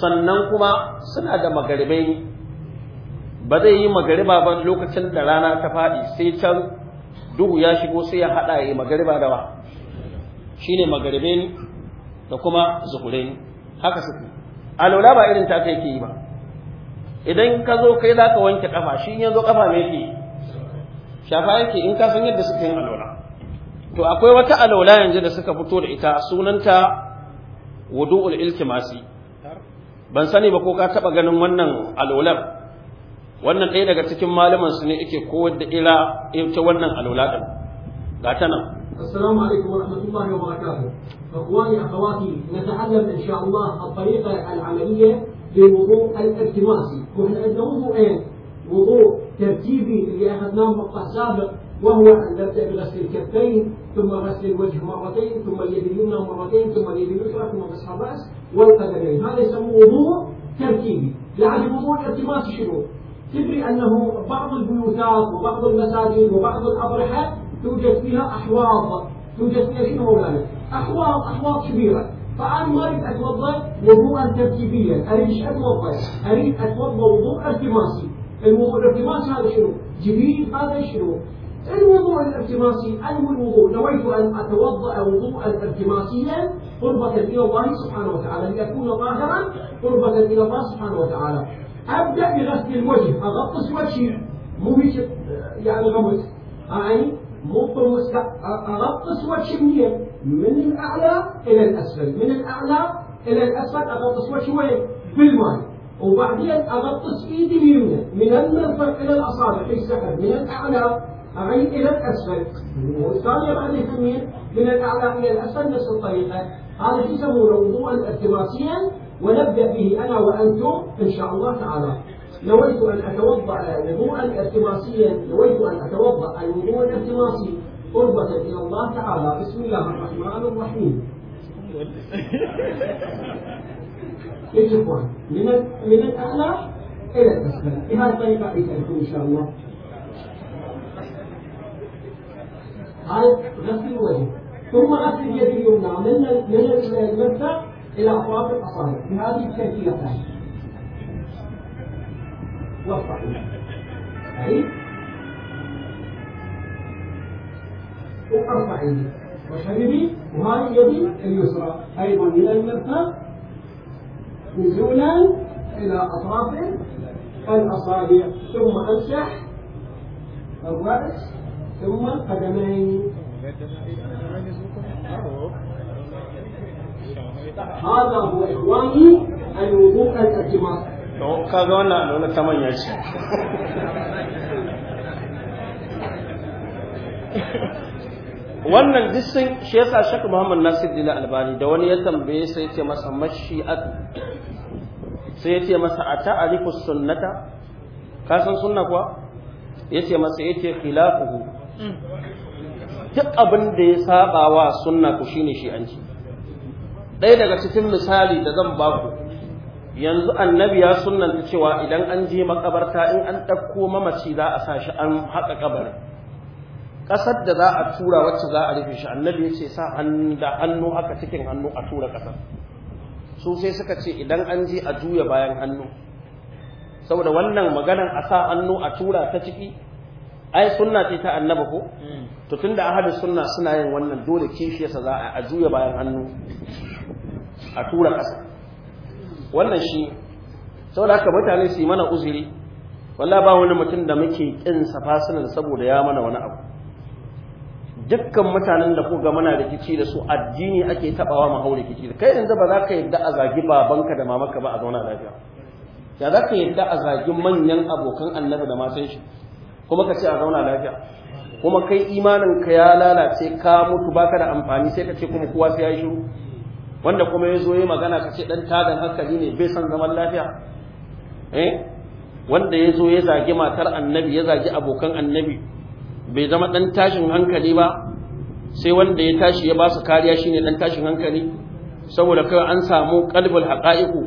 sannan kuma suna da ne ba zai yi magariba ba lokacin da rana ta faɗi sai can duhu ya shigo sai ya haɗa ya yi magariba da ba Shi ne magaribe ne da kuma zuhuraini haka suke alwala ba irin ta kai ke yi ba idan ka zo kai za ka wanke kafa shi ya zo kafa mai ke shafa yake in ka san yadda suke yin alwala to akwai wata alwala yanzu da suka fito da ita sunanta wudu'ul iltimasi ban sani ba ko ka taba ganin wannan alolar. wannan ɗaya daga cikin malaman su ne yake koyar da ila ita wannan alwala din ga ta nan السلام عليكم ورحمة الله وبركاته أخواني أخواتي نتعلم إن شاء الله الطريقة العملية للوضوء الالتماسي وإحنا عندنا وضوءين إيه؟ وضوء ترتيبي اللي أخذناه مقطع سابق وهو أن نبدأ بغسل الكفين ثم غسل الوجه مرتين ثم اليد اليمنى مرتين ثم اليد اليسرى ثم مسح الرأس والقدمين هذا يسموه وضوء ترتيبي لعل الوضوء الالتماسي شنو؟ تدري أنه بعض البيوتات وبعض المساجد وبعض الأضرحة توجد فيها أحواض توجد فيها شنو مولانا؟ أحواض أحواض كبيرة فأنا ما أريد أتوضأ وضوءا ترتيبيا أريد إيش أتوضأ؟ أريد أتوضأ وضوء ارتماسي الوضوء الالتماسي هذا شنو؟ جديد هذا شنو؟ الوضوء الالتماسي أنوي الوضوء نويت أن أتوضأ وضوءا ارتماسيا قربة إلى الله سبحانه وتعالى لأكون طاهرا قربة إلى الله سبحانه وتعالى أبدأ بغسل الوجه أغطس وجهي مو هيك يعني غمس هاي مو أغطس وجهي منين؟ من الأعلى إلى الأسفل، من الأعلى إلى الأسفل أغطس وجهي وين؟ بالماء، وبعدين أغطس إيدي اليمنى من المرفق إلى الأصابع السحر، من الأعلى أعيد إلى الأسفل، والثانية بعد منين؟ من الأعلى إلى الأسفل نفس الطريقة، هذا شو يسمونه وضوءا التماسيا ونبدأ به أنا وأنتم إن شاء الله تعالى. نويت أن أتوضأ وضوءا التماسيا نويت أن أتوضأ الوضوء الالتماسي قربة إلى الله تعالى بسم الله الرحمن الرحيم [LAUGHS] من من الأعلى إلى الأسفل بهذه الطريقة إن شاء الله هذا غسل الوجه ثم غسل اليد اليمنى من من المبدا إلى أطراف الأصابع بهذه الكيفيه والصحيح صحيح وقرص وشربي وهذه يدي اليسرى أيضا من المرفق نزولا إلى أطراف الأصابع ثم أمسح الرأس ثم قدمين هذا هو إخواني الوضوء الالتماس ka ga wannan alwala ta manya ce wannan disin shi yasa Sheikh Muhammad Nasir Dila Albani da wani ya tambaye sai ya ce masa mashi'at sai ya ce masa a ata'arifu sunnata ka san sunna kuwa ce masa ya ce khilafuhu duk abin da ya saba wa sunna ku shine shi an ci ɗaya daga cikin misali da zan baku yanzu annabi ya sunnanta cewa idan an je makabarta in an ɗauko mamaci za a sa shi an haƙa kabarin ƙasar da za a tura wacce za a rufe shi annabi ya ce sa da hannu haka cikin hannu a tura ƙasar su sai suka ce idan an je a juya bayan hannu saboda wannan maganan a sa hannu a tura ta ciki ai sunna ce ta annabi ko to tunda ahadin sunna suna yin wannan dole kishiyarsa za a juya bayan hannu a tura ƙasar. wannan shi saboda haka mutane su yi mana uzuri wallahi ba wani mutum da muke kin sa fasilan saboda ya mana wani abu dukkan mutanen da kuka mana rikici da su addini ake tabawa mu haure kici kai yanzu ba za ka yadda a zagi babanka da mamaka ba a zauna lafiya ya za ka yadda a zagi manyan abokan annabi da matan shi kuma ka ce a zauna lafiya kuma kai imanin ka ya lalace ka mutu baka da amfani sai ka ce kuma kowa sai ya yi shiru wanda kuma ya zo ya magana kace dan ɗan tagan hankali ne bai san zaman lafiya eh wanda ya zo ya zagi matar annabi ya zagi abokan annabi bai zama ɗan tashin hankali ba sai wanda ya tashi ya ba su kariya shine ɗan tashin hankali saboda kai an samu qalbul haqa'iqu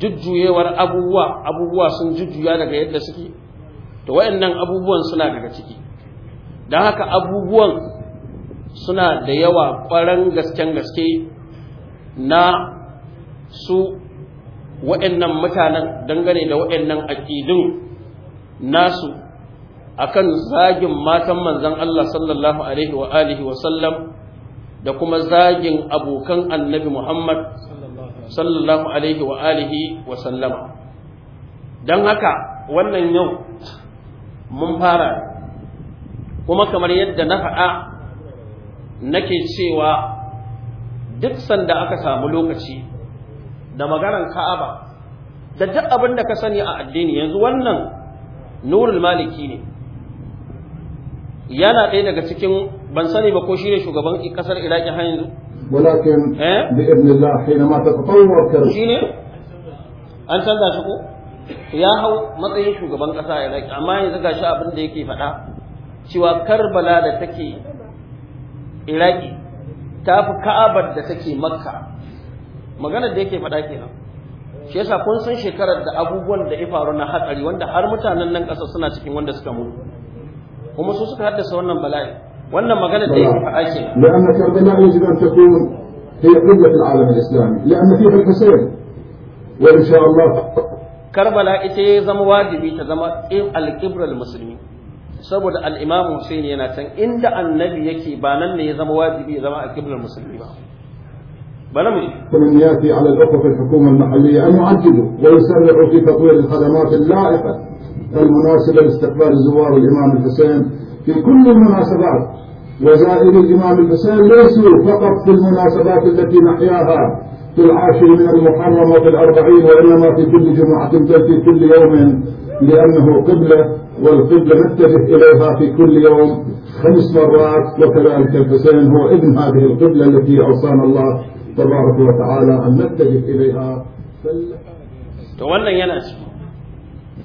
jujjuyewar abubuwa abubuwa sun jujjuya daga yadda suke to wayannan abubuwan suna daga ciki dan haka abubuwan suna da yawa ƙwaran gasken gaske na su wa'annan mutanen dangane da wa'annan aƙidun nasu a kan zagin matan manzan Allah sallallahu alaihi wa alihi wa da kuma zagin abokan annabi Muhammad sallallahu alaihi wa wa don haka wannan yau mun fara kuma kamar yadda na faɗa nake cewa duk sanda aka samu lokaci da maganar ka'aba da duk abin da ka sani a addini yanzu wannan nurul maliki ne yana ɗaya daga cikin ban sani ba ko shi ne shugaban ƙasar iraki har yanzu walakin eh? bi ibnillah hina ma tatatawwar kar shi ne an canza shi ko ya hau matsayin shugaban ƙasa a iraki amma yanzu gashi abin da yake faɗa cewa karbala da take iraki ta fi ka'abar da take makka maganar da yake faɗa kenan shi yasa kun san shekarar da abubuwan da ya faru na hatsari wanda har mutanen nan ƙasa suna cikin wanda suka mutu kuma su suka haddasa wannan bala'i wannan maganar da yake faɗa kenan ta كربلاء يجب أن تكون هي قبلة العالم الإسلامي لأن فيها الحسين wa insha Allah karbala ita zama wajibi ta zama alƙibrar musulmi saboda al-Imam Hussein yana can inda annabi yake ba nan ne ya zama wajibi ya zama al-qiblar musulmi ba بلا مش فمن ياتي على الأخوة في الحكومة المحلية أن يعجلوا ويسرعوا في تطوير الخدمات اللائقة المناسبة لاستقبال زوار الإمام الحسين في كل المناسبات وزائر الإمام الحسين ليسوا فقط في المناسبات التي نحياها في العاشر من المحرم وفي الأربعين وإنما في كل جمعة بل في كل يوم لأنه قبلة والقبلة متجه إليها في كل يوم خمس مرات وكذلك الحسين هو ابن هذه القبلة التي أوصانا الله تبارك وتعالى أن نتجه إليها to wannan yana ci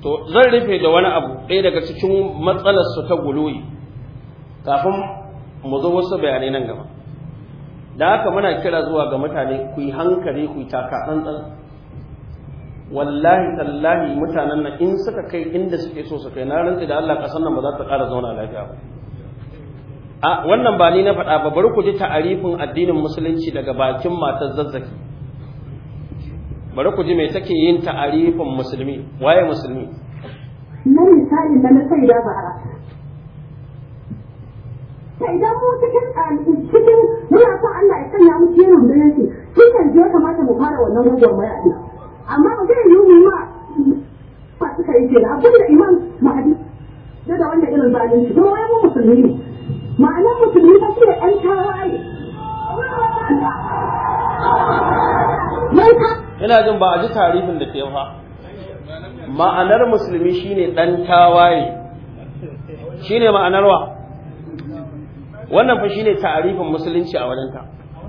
to zan rufe da wani abu ɗaya daga cikin matsalarsu ta guluyi kafin mu zo wasu bayanai nan gaba da haka muna kira zuwa ga mutane ku yi hankali ku yi taka tsantsan wallahi tallahi mutanen nan in suka kai inda suke so su kai na rantsi da Allah kasan nan ba za ta ƙara zauna lafiya ba a wannan ba ni na faɗa ba bari ku ji ta'arifin addinin musulunci daga bakin matar zazzaki bari ku ji me take yin ta'arifin musulmi waye musulmi na misali da na sai da ba sai da mu cikin cikin muna son Allah ya sanya mu cikin rundunar ce cikin ya kamata mu fara wannan gwagwarmaya ɗin amma ba zai yi mu ma ba suka yi kenan abin da imam mahadi da da wanda irin zalunci kuma wai mu musulmi ma'anar musulmi ba shi da ɗan tawaye ina jin ba a ji tarihin da ke fa ma'anar musulmi shine ɗan tawaye shine ma'anar wa wannan fa shine tarifin musulunci a wajenka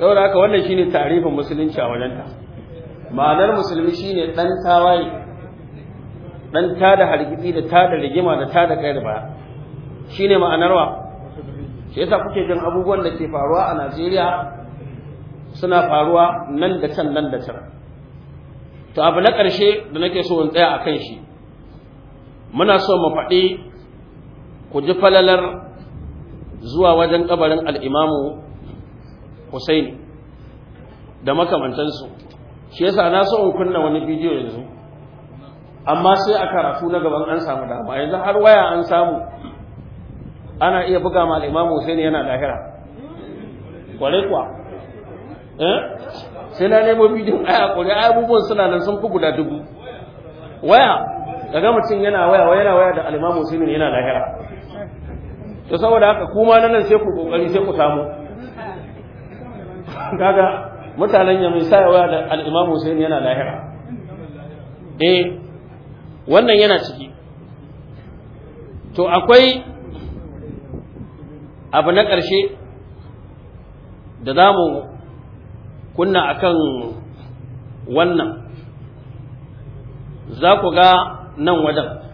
saboda haka wannan shine tarifin musulunci a wajen ta ma'anar musulmi shine dan tawaye dan da hargitsi da ta da rigima da da kai da baya shine ma'anar wa shi yasa kuke jin abubuwan da ke faruwa a Najeriya suna faruwa nan da can nan da can to abu na ƙarshe da nake so in tsaya a kan shi muna so mu faɗi ku ji falalar zuwa wajen ƙabarin al'imamu Husaini da makamantansu shi yasa na so in kunna wani bidiyo yanzu amma sai a karatu na gaban an samu dama yanzu har waya an samu ana iya buga ma Imam Husaini yana lahira kwarai kuwa eh sai na nemo bidiyo aya kwarai abubuwan suna nan sun fi guda dubu waya daga mutum yana waya waya yana waya da Imam Husaini yana lahira to saboda haka kuma nan sai ku kokari sai ku samu kaga mutanen ya mai sayawa da al-Imam yana lahira eh wannan yana ciki to akwai abu na ƙarshe da za mu kunna akan wannan za ku ga nan wajen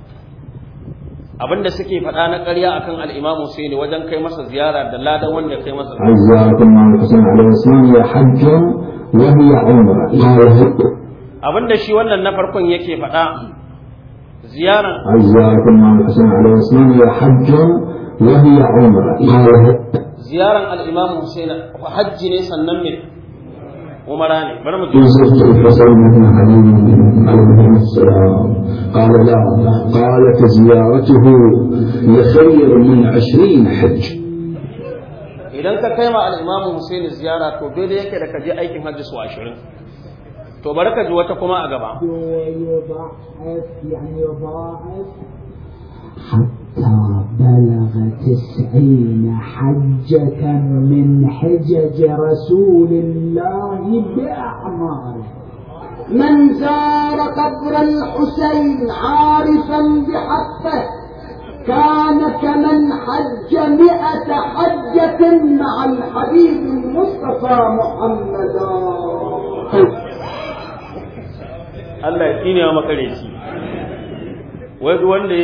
Abin da suke faɗa na ƙarya akan al-Imam Hussein wajen kai masa ziyara da ladan wanda kai masa ziyara. ziyaratul Malik sallallahu alaihi ya hajjan wa hiya umra da shi wannan na farkon yake faɗa ziyara ziyaratul Malik sallallahu alaihi ya hajjan wa hiya umra ziyaran Al'imamu imam Hussein hajji ne sannan me عمران قال لا قال فزيارته لخير من عشرين حج إذا انت كما الإمام حسين الزيارة تبدو لك لك جاء أي كم حج سوى عشرين تبارك جواتك وما أقبع يضاعف يعني يضاعف حتى بلغ تسعين حجة من حجج رسول الله بأعماره من زار قبر الحسين عارفا بحقه كان كمن حج مئة حجة مع الحبيب المصطفى محمدا الله يا ومكريسي wai wanda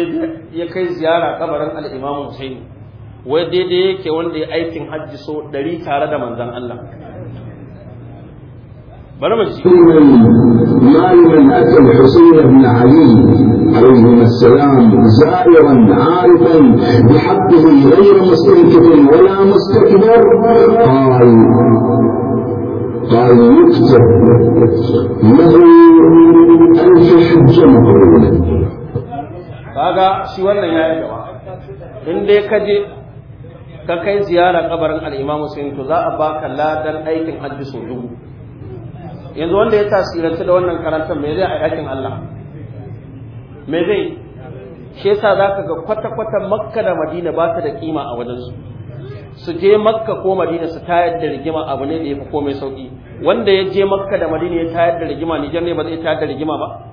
ya kai ziyara kabarin al-Imam Hussein wai daidai yake wanda ya aikin hajji so 100 tare da manzon Allah bari mu ci maliman atal Hussein ibn Ali عليهما السلام زائرا عارفا بحقه غير مستنكف ولا مستكبر قال قال يكتب له ألف حج مقبولا kaga shi wannan ya yi gaba in dai ka je ka kai ziyara kabarin al'imamu sun to za a baka ladan aikin hajji sun dubu yanzu wanda ya tasirantu da wannan karantar me zai a aikin Allah me zai shi yasa za ka ga kwata-kwata makka da madina ba ta da kima a wajensu su je makka ko madina su tayar da rigima abu ne da ya fi komai sauki wanda ya je makka da madina ya tayar da rigima nijar ne ba zai tayar da rigima ba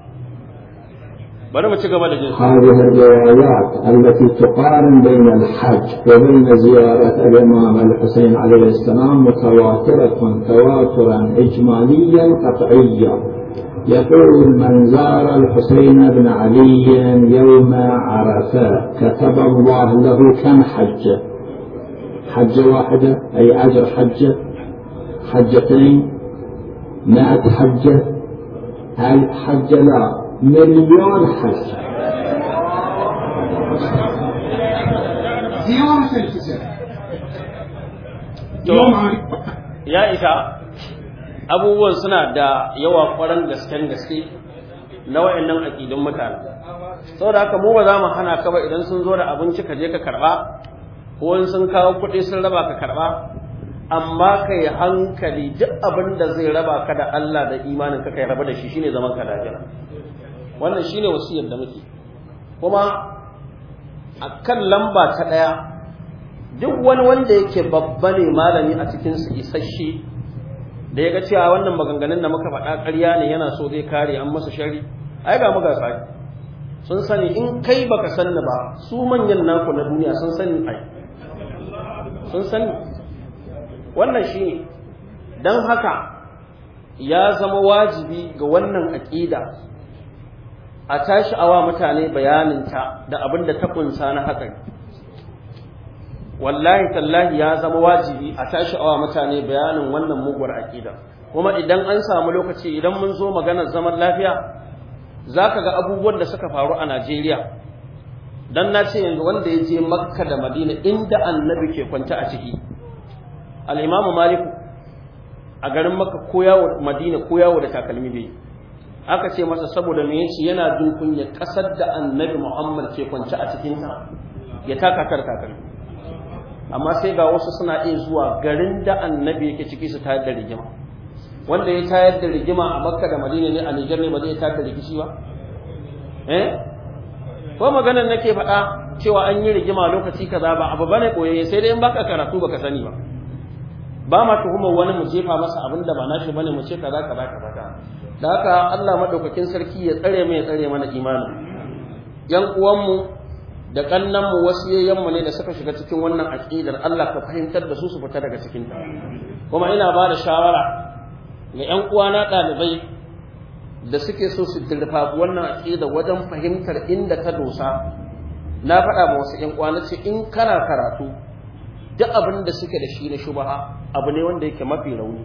هذه الروايات التي تقارن بين الحج وبين زيارة الإمام الحسين عليه السلام متواترة تواترا إجماليا قطعيا يقول من زار الحسين بن علي يوم عرفة كتب الله له كم حجة حجة واحدة أي أجر حجة حجتين مائة حجة هل حجة لا ya isa abubuwan suna da yawa kwaran gasken gaske na wa'annan aƙidun mutane saboda haka mu ba za mu hana ka ba idan sun zo da abinci ka je ka karba ko in sun kawo kuɗi sun raba ka karba amma ka yi hankali duk abin da zai raba ka da Allah da imanin ka kai rabu da shi shine zaman ka lafiya wannan shi ne wasu yadda muke kuma a kan lamba ta ɗaya duk wani wanda yake babba ne malami a cikinsu isasshe da ya ga cewa wannan maganganun da muka faɗa ƙarya ne yana so zai kare an masa shari ai ga muka sai sun sani in kai baka sanni ba su manyan naku na duniya sun sani ai sun sani wannan ne don haka ya zama wajibi ga wannan aƙida a tashi awa mutane bayaninta da abin da ta kunsa na hakan wallahi tallahi ya zama wajibi a tashi awa mutane bayanin wannan muguwar aƙida kuma idan an samu lokaci idan mun zo maganar zaman lafiya za ka ga abubuwan da suka faru a najeriya don na ce yanzu wanda ya je makka da madina inda annabi ke kwanta a ciki al'imamu maliku a garin makka ko yawo madina ko yawo da takalmi bai aka ce masa saboda me yace yana jin kunya kasar da annabi Muhammad ke kwance a cikin ta ya taka karkakar amma sai ga wasu suna iya zuwa garin da annabi yake ciki su tayar da rigima wanda ya tayar da rigima a Makka da Madina ne a Niger ne ba zai tayar da rikici ba eh ko maganar nake faɗa cewa an yi rigima lokaci kaza ba abu bane koyayye sai dai in baka karatu baka sani ba ba ma tuhumar wani mu jefa masa abin da ba nashi bane mu ce kaza kaza kaza da haka Allah madaukakin sarki ya tsare mai tsare mana imani yan uwanmu da kannanmu wasu yayyanmu ne da suka shiga cikin wannan aqidar Allah ka fahimtar da su su fita daga cikin ta kuma ina ba da shawara ga yan uwana ɗalibai da suke so su dirfa wannan aqida wajen fahimtar inda ta dosa na faɗa ma wasu yan uwana ce in kana karatu duk abin da suke da shi na shubaha abu ne wanda yake mafi rauni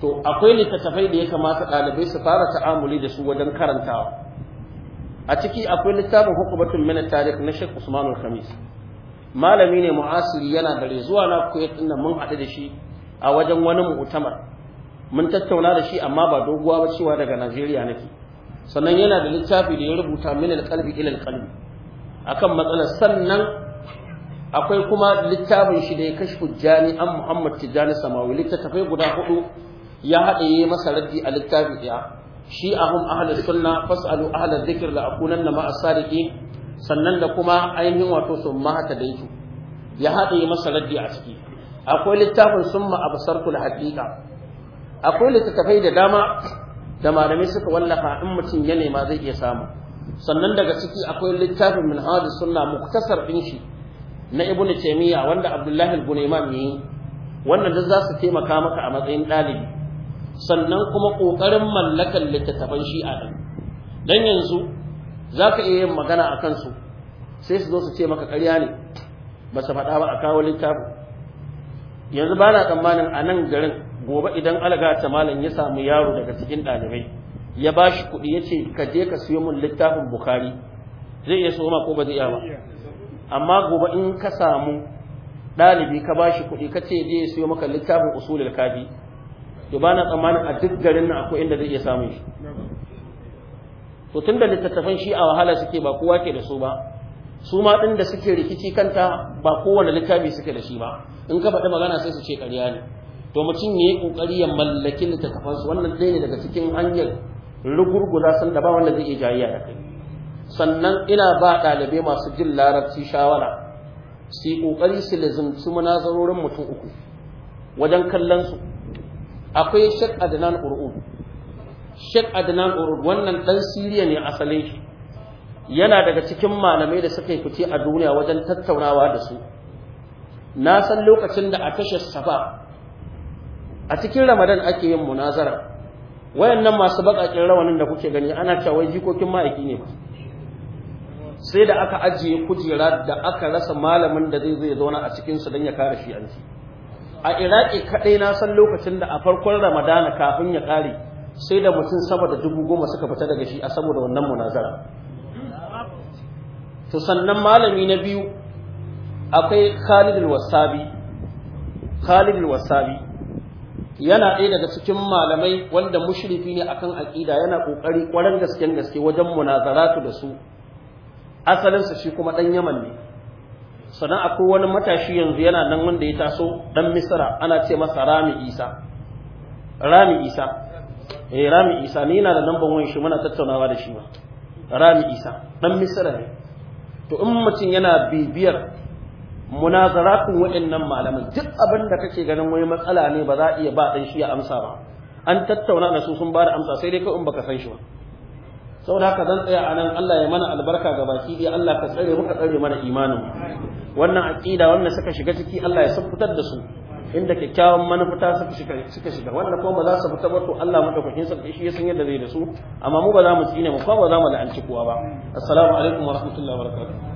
to akwai littattafai da ya kamata ɗalibai su fara ta'amuli da su wajen karantawa a ciki akwai littafin hukumatun mana tarikh na Sheikh Usman al-Khamis malami ne mu'asiri yana da zuwa na koyar din mun haɗu da shi a wajen wani mu'tamar mun tattauna da shi amma ba doguwa ba cewa daga Najeriya nake sannan yana da littafi da ya rubuta min al-qalbi ila al-qalbi akan matsalar sannan akwai kuma littafin shi da ya kashfu jani an Muhammad Tijani Samawi littattafai guda hudu ya haɗe yi masa raddi a littafi ɗaya shi ahum ahlus sunna fasalu ahlal dhikr la akunanna ma as-sadiqin sannan da kuma ainihin wato summa haka dai ya haɗe masa raddi a ciki akwai littafin summa absartul hakika. akwai littattafai da dama da malamai suka wallafa in mutum ya nema zai iya samu sannan daga ciki akwai littafin minhajus sunna muktasar ɗin shi na ibnu taymiya wanda abdullahi al-gunayman yayi wannan duk za su taimaka maka a matsayin ɗalibi sannan kuma ƙoƙarin mallakan littattafan shi'a ɗin dan yanzu za ka iya yin magana a kansu sai su zo su ce maka ƙarya ne ba su faɗa ba a kawo littafi yanzu ba na tsammanin a nan garin gobe idan alaga ta malam ya samu yaro daga cikin ɗalibai ya ba shi kuɗi ya ce ka je ka siyo min littafin bukari zai iya soma ko ba zai iya ba amma gobe in ka samu ɗalibi ka ba shi kuɗi ka ce je ya siyo maka littafin usulul kafi to ba na tsammanin a duk garin nan akwai inda zai iya samun shi to tunda littattafan shi a wahala suke ba kowa ke da su ba su ma ɗin da suke rikici kanta ba kowane littafi suke da shi ba in ka faɗi magana sai su ce ƙarya ne to mutum ya yi ƙoƙari ya mallaki su wannan ɗaya ne daga cikin hanyar rugurguza san da ba wanda zai iya jayayya da kai sannan ina ba ɗalibai masu jin larabci shawara su yi ƙoƙari su lazimci munazarorin mutum uku wajen kallon su akwai Sheikh Adnan Urud Sheikh Adnan Urud wannan dan Siriya ne asalin shi yana daga cikin malamai da suka yi fice a duniya wajen tattaunawa da su na san lokacin da a tashar safa a cikin Ramadan ake yin munazara wayannan masu bakakin rawanin da kuke gani ana cewa jikokin ma'aiki ne ba sai da aka ajiye kujera da aka rasa malamin da zai zai zauna a cikinsu dan ya kare shi an ci a iraki kaɗai na san lokacin da a farkon ramadana kafin ya ƙare sai da mutum sama da dubu goma suka fita daga shi a saboda wannan munazara to sannan malami na biyu akwai khalidul wasabi khalidul wasabi yana ɗaya daga cikin malamai wanda mushrifi ne akan aƙida yana ƙoƙari ƙwarar gasken gaske wajen munazaratu da su asalinsa shi kuma ɗan yaman ne sannan akwai wani matashi yanzu yana nan wanda ya taso dan misra ana ce masa rami isa rami isa eh rami isa ni na da lambar wani shi muna tattaunawa da shi ba rami isa dan misira ne to in mutum yana bibiyar munazaratun waɗannan malaman duk abin da kake ganin wani matsala ne ba za a iya ba dan shi ya amsa ba an tattauna da su sun ba da amsa sai dai kai in baka san shi ba saboda haka zan tsaya a nan Allah ya mana albarka ga baki dai Allah ka tsare muka tsare mana imanin wannan aqida wannan suka shiga ciki Allah ya sabbutar da su inda kyakkyawan manufuta suka shiga suka shiga wannan kuma ba za su fita ba to Allah madaukakin sarki shi ya san yadda zai da su amma mu ba za mu tsine mu kuma ba za mu la'anci kowa ba assalamu alaikum wa rahmatullahi wa barakatuh wa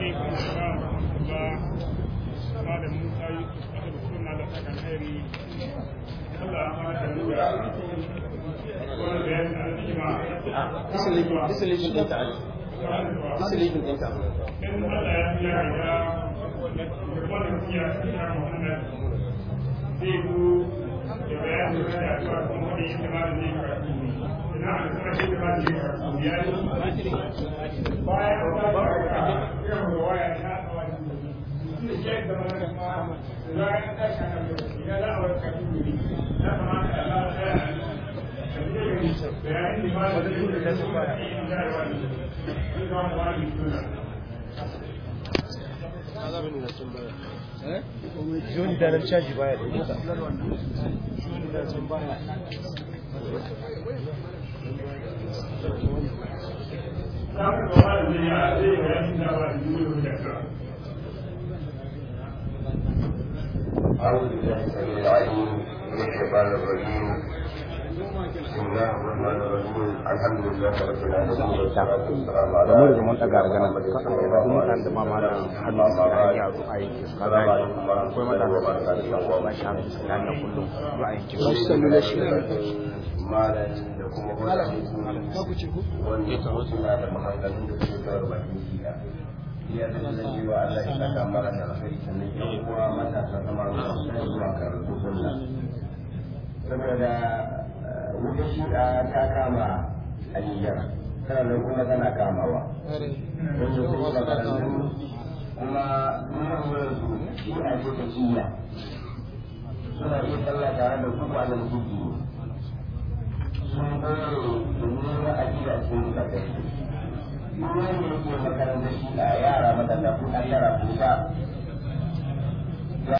alaikum assalam wa rahmatullahi disilifin ɗin ta ta Thank you. Joni da nan caji baya da ita. أعوذ بالله من الشيطان الرجيم kamar da mun daga ganin ka da da mama da hannu da a yi kiska da yi akwai a saboda gobe shi da ta kama aliyar sannan kuma tana kamawa kuma nuna wurin shi a ce ta ciya suna iya sallah tare da kuma da jiki sun koyo domin a ajiya cikin kasashe duk wanda yake makarantar shi a yara matalla ko ko ba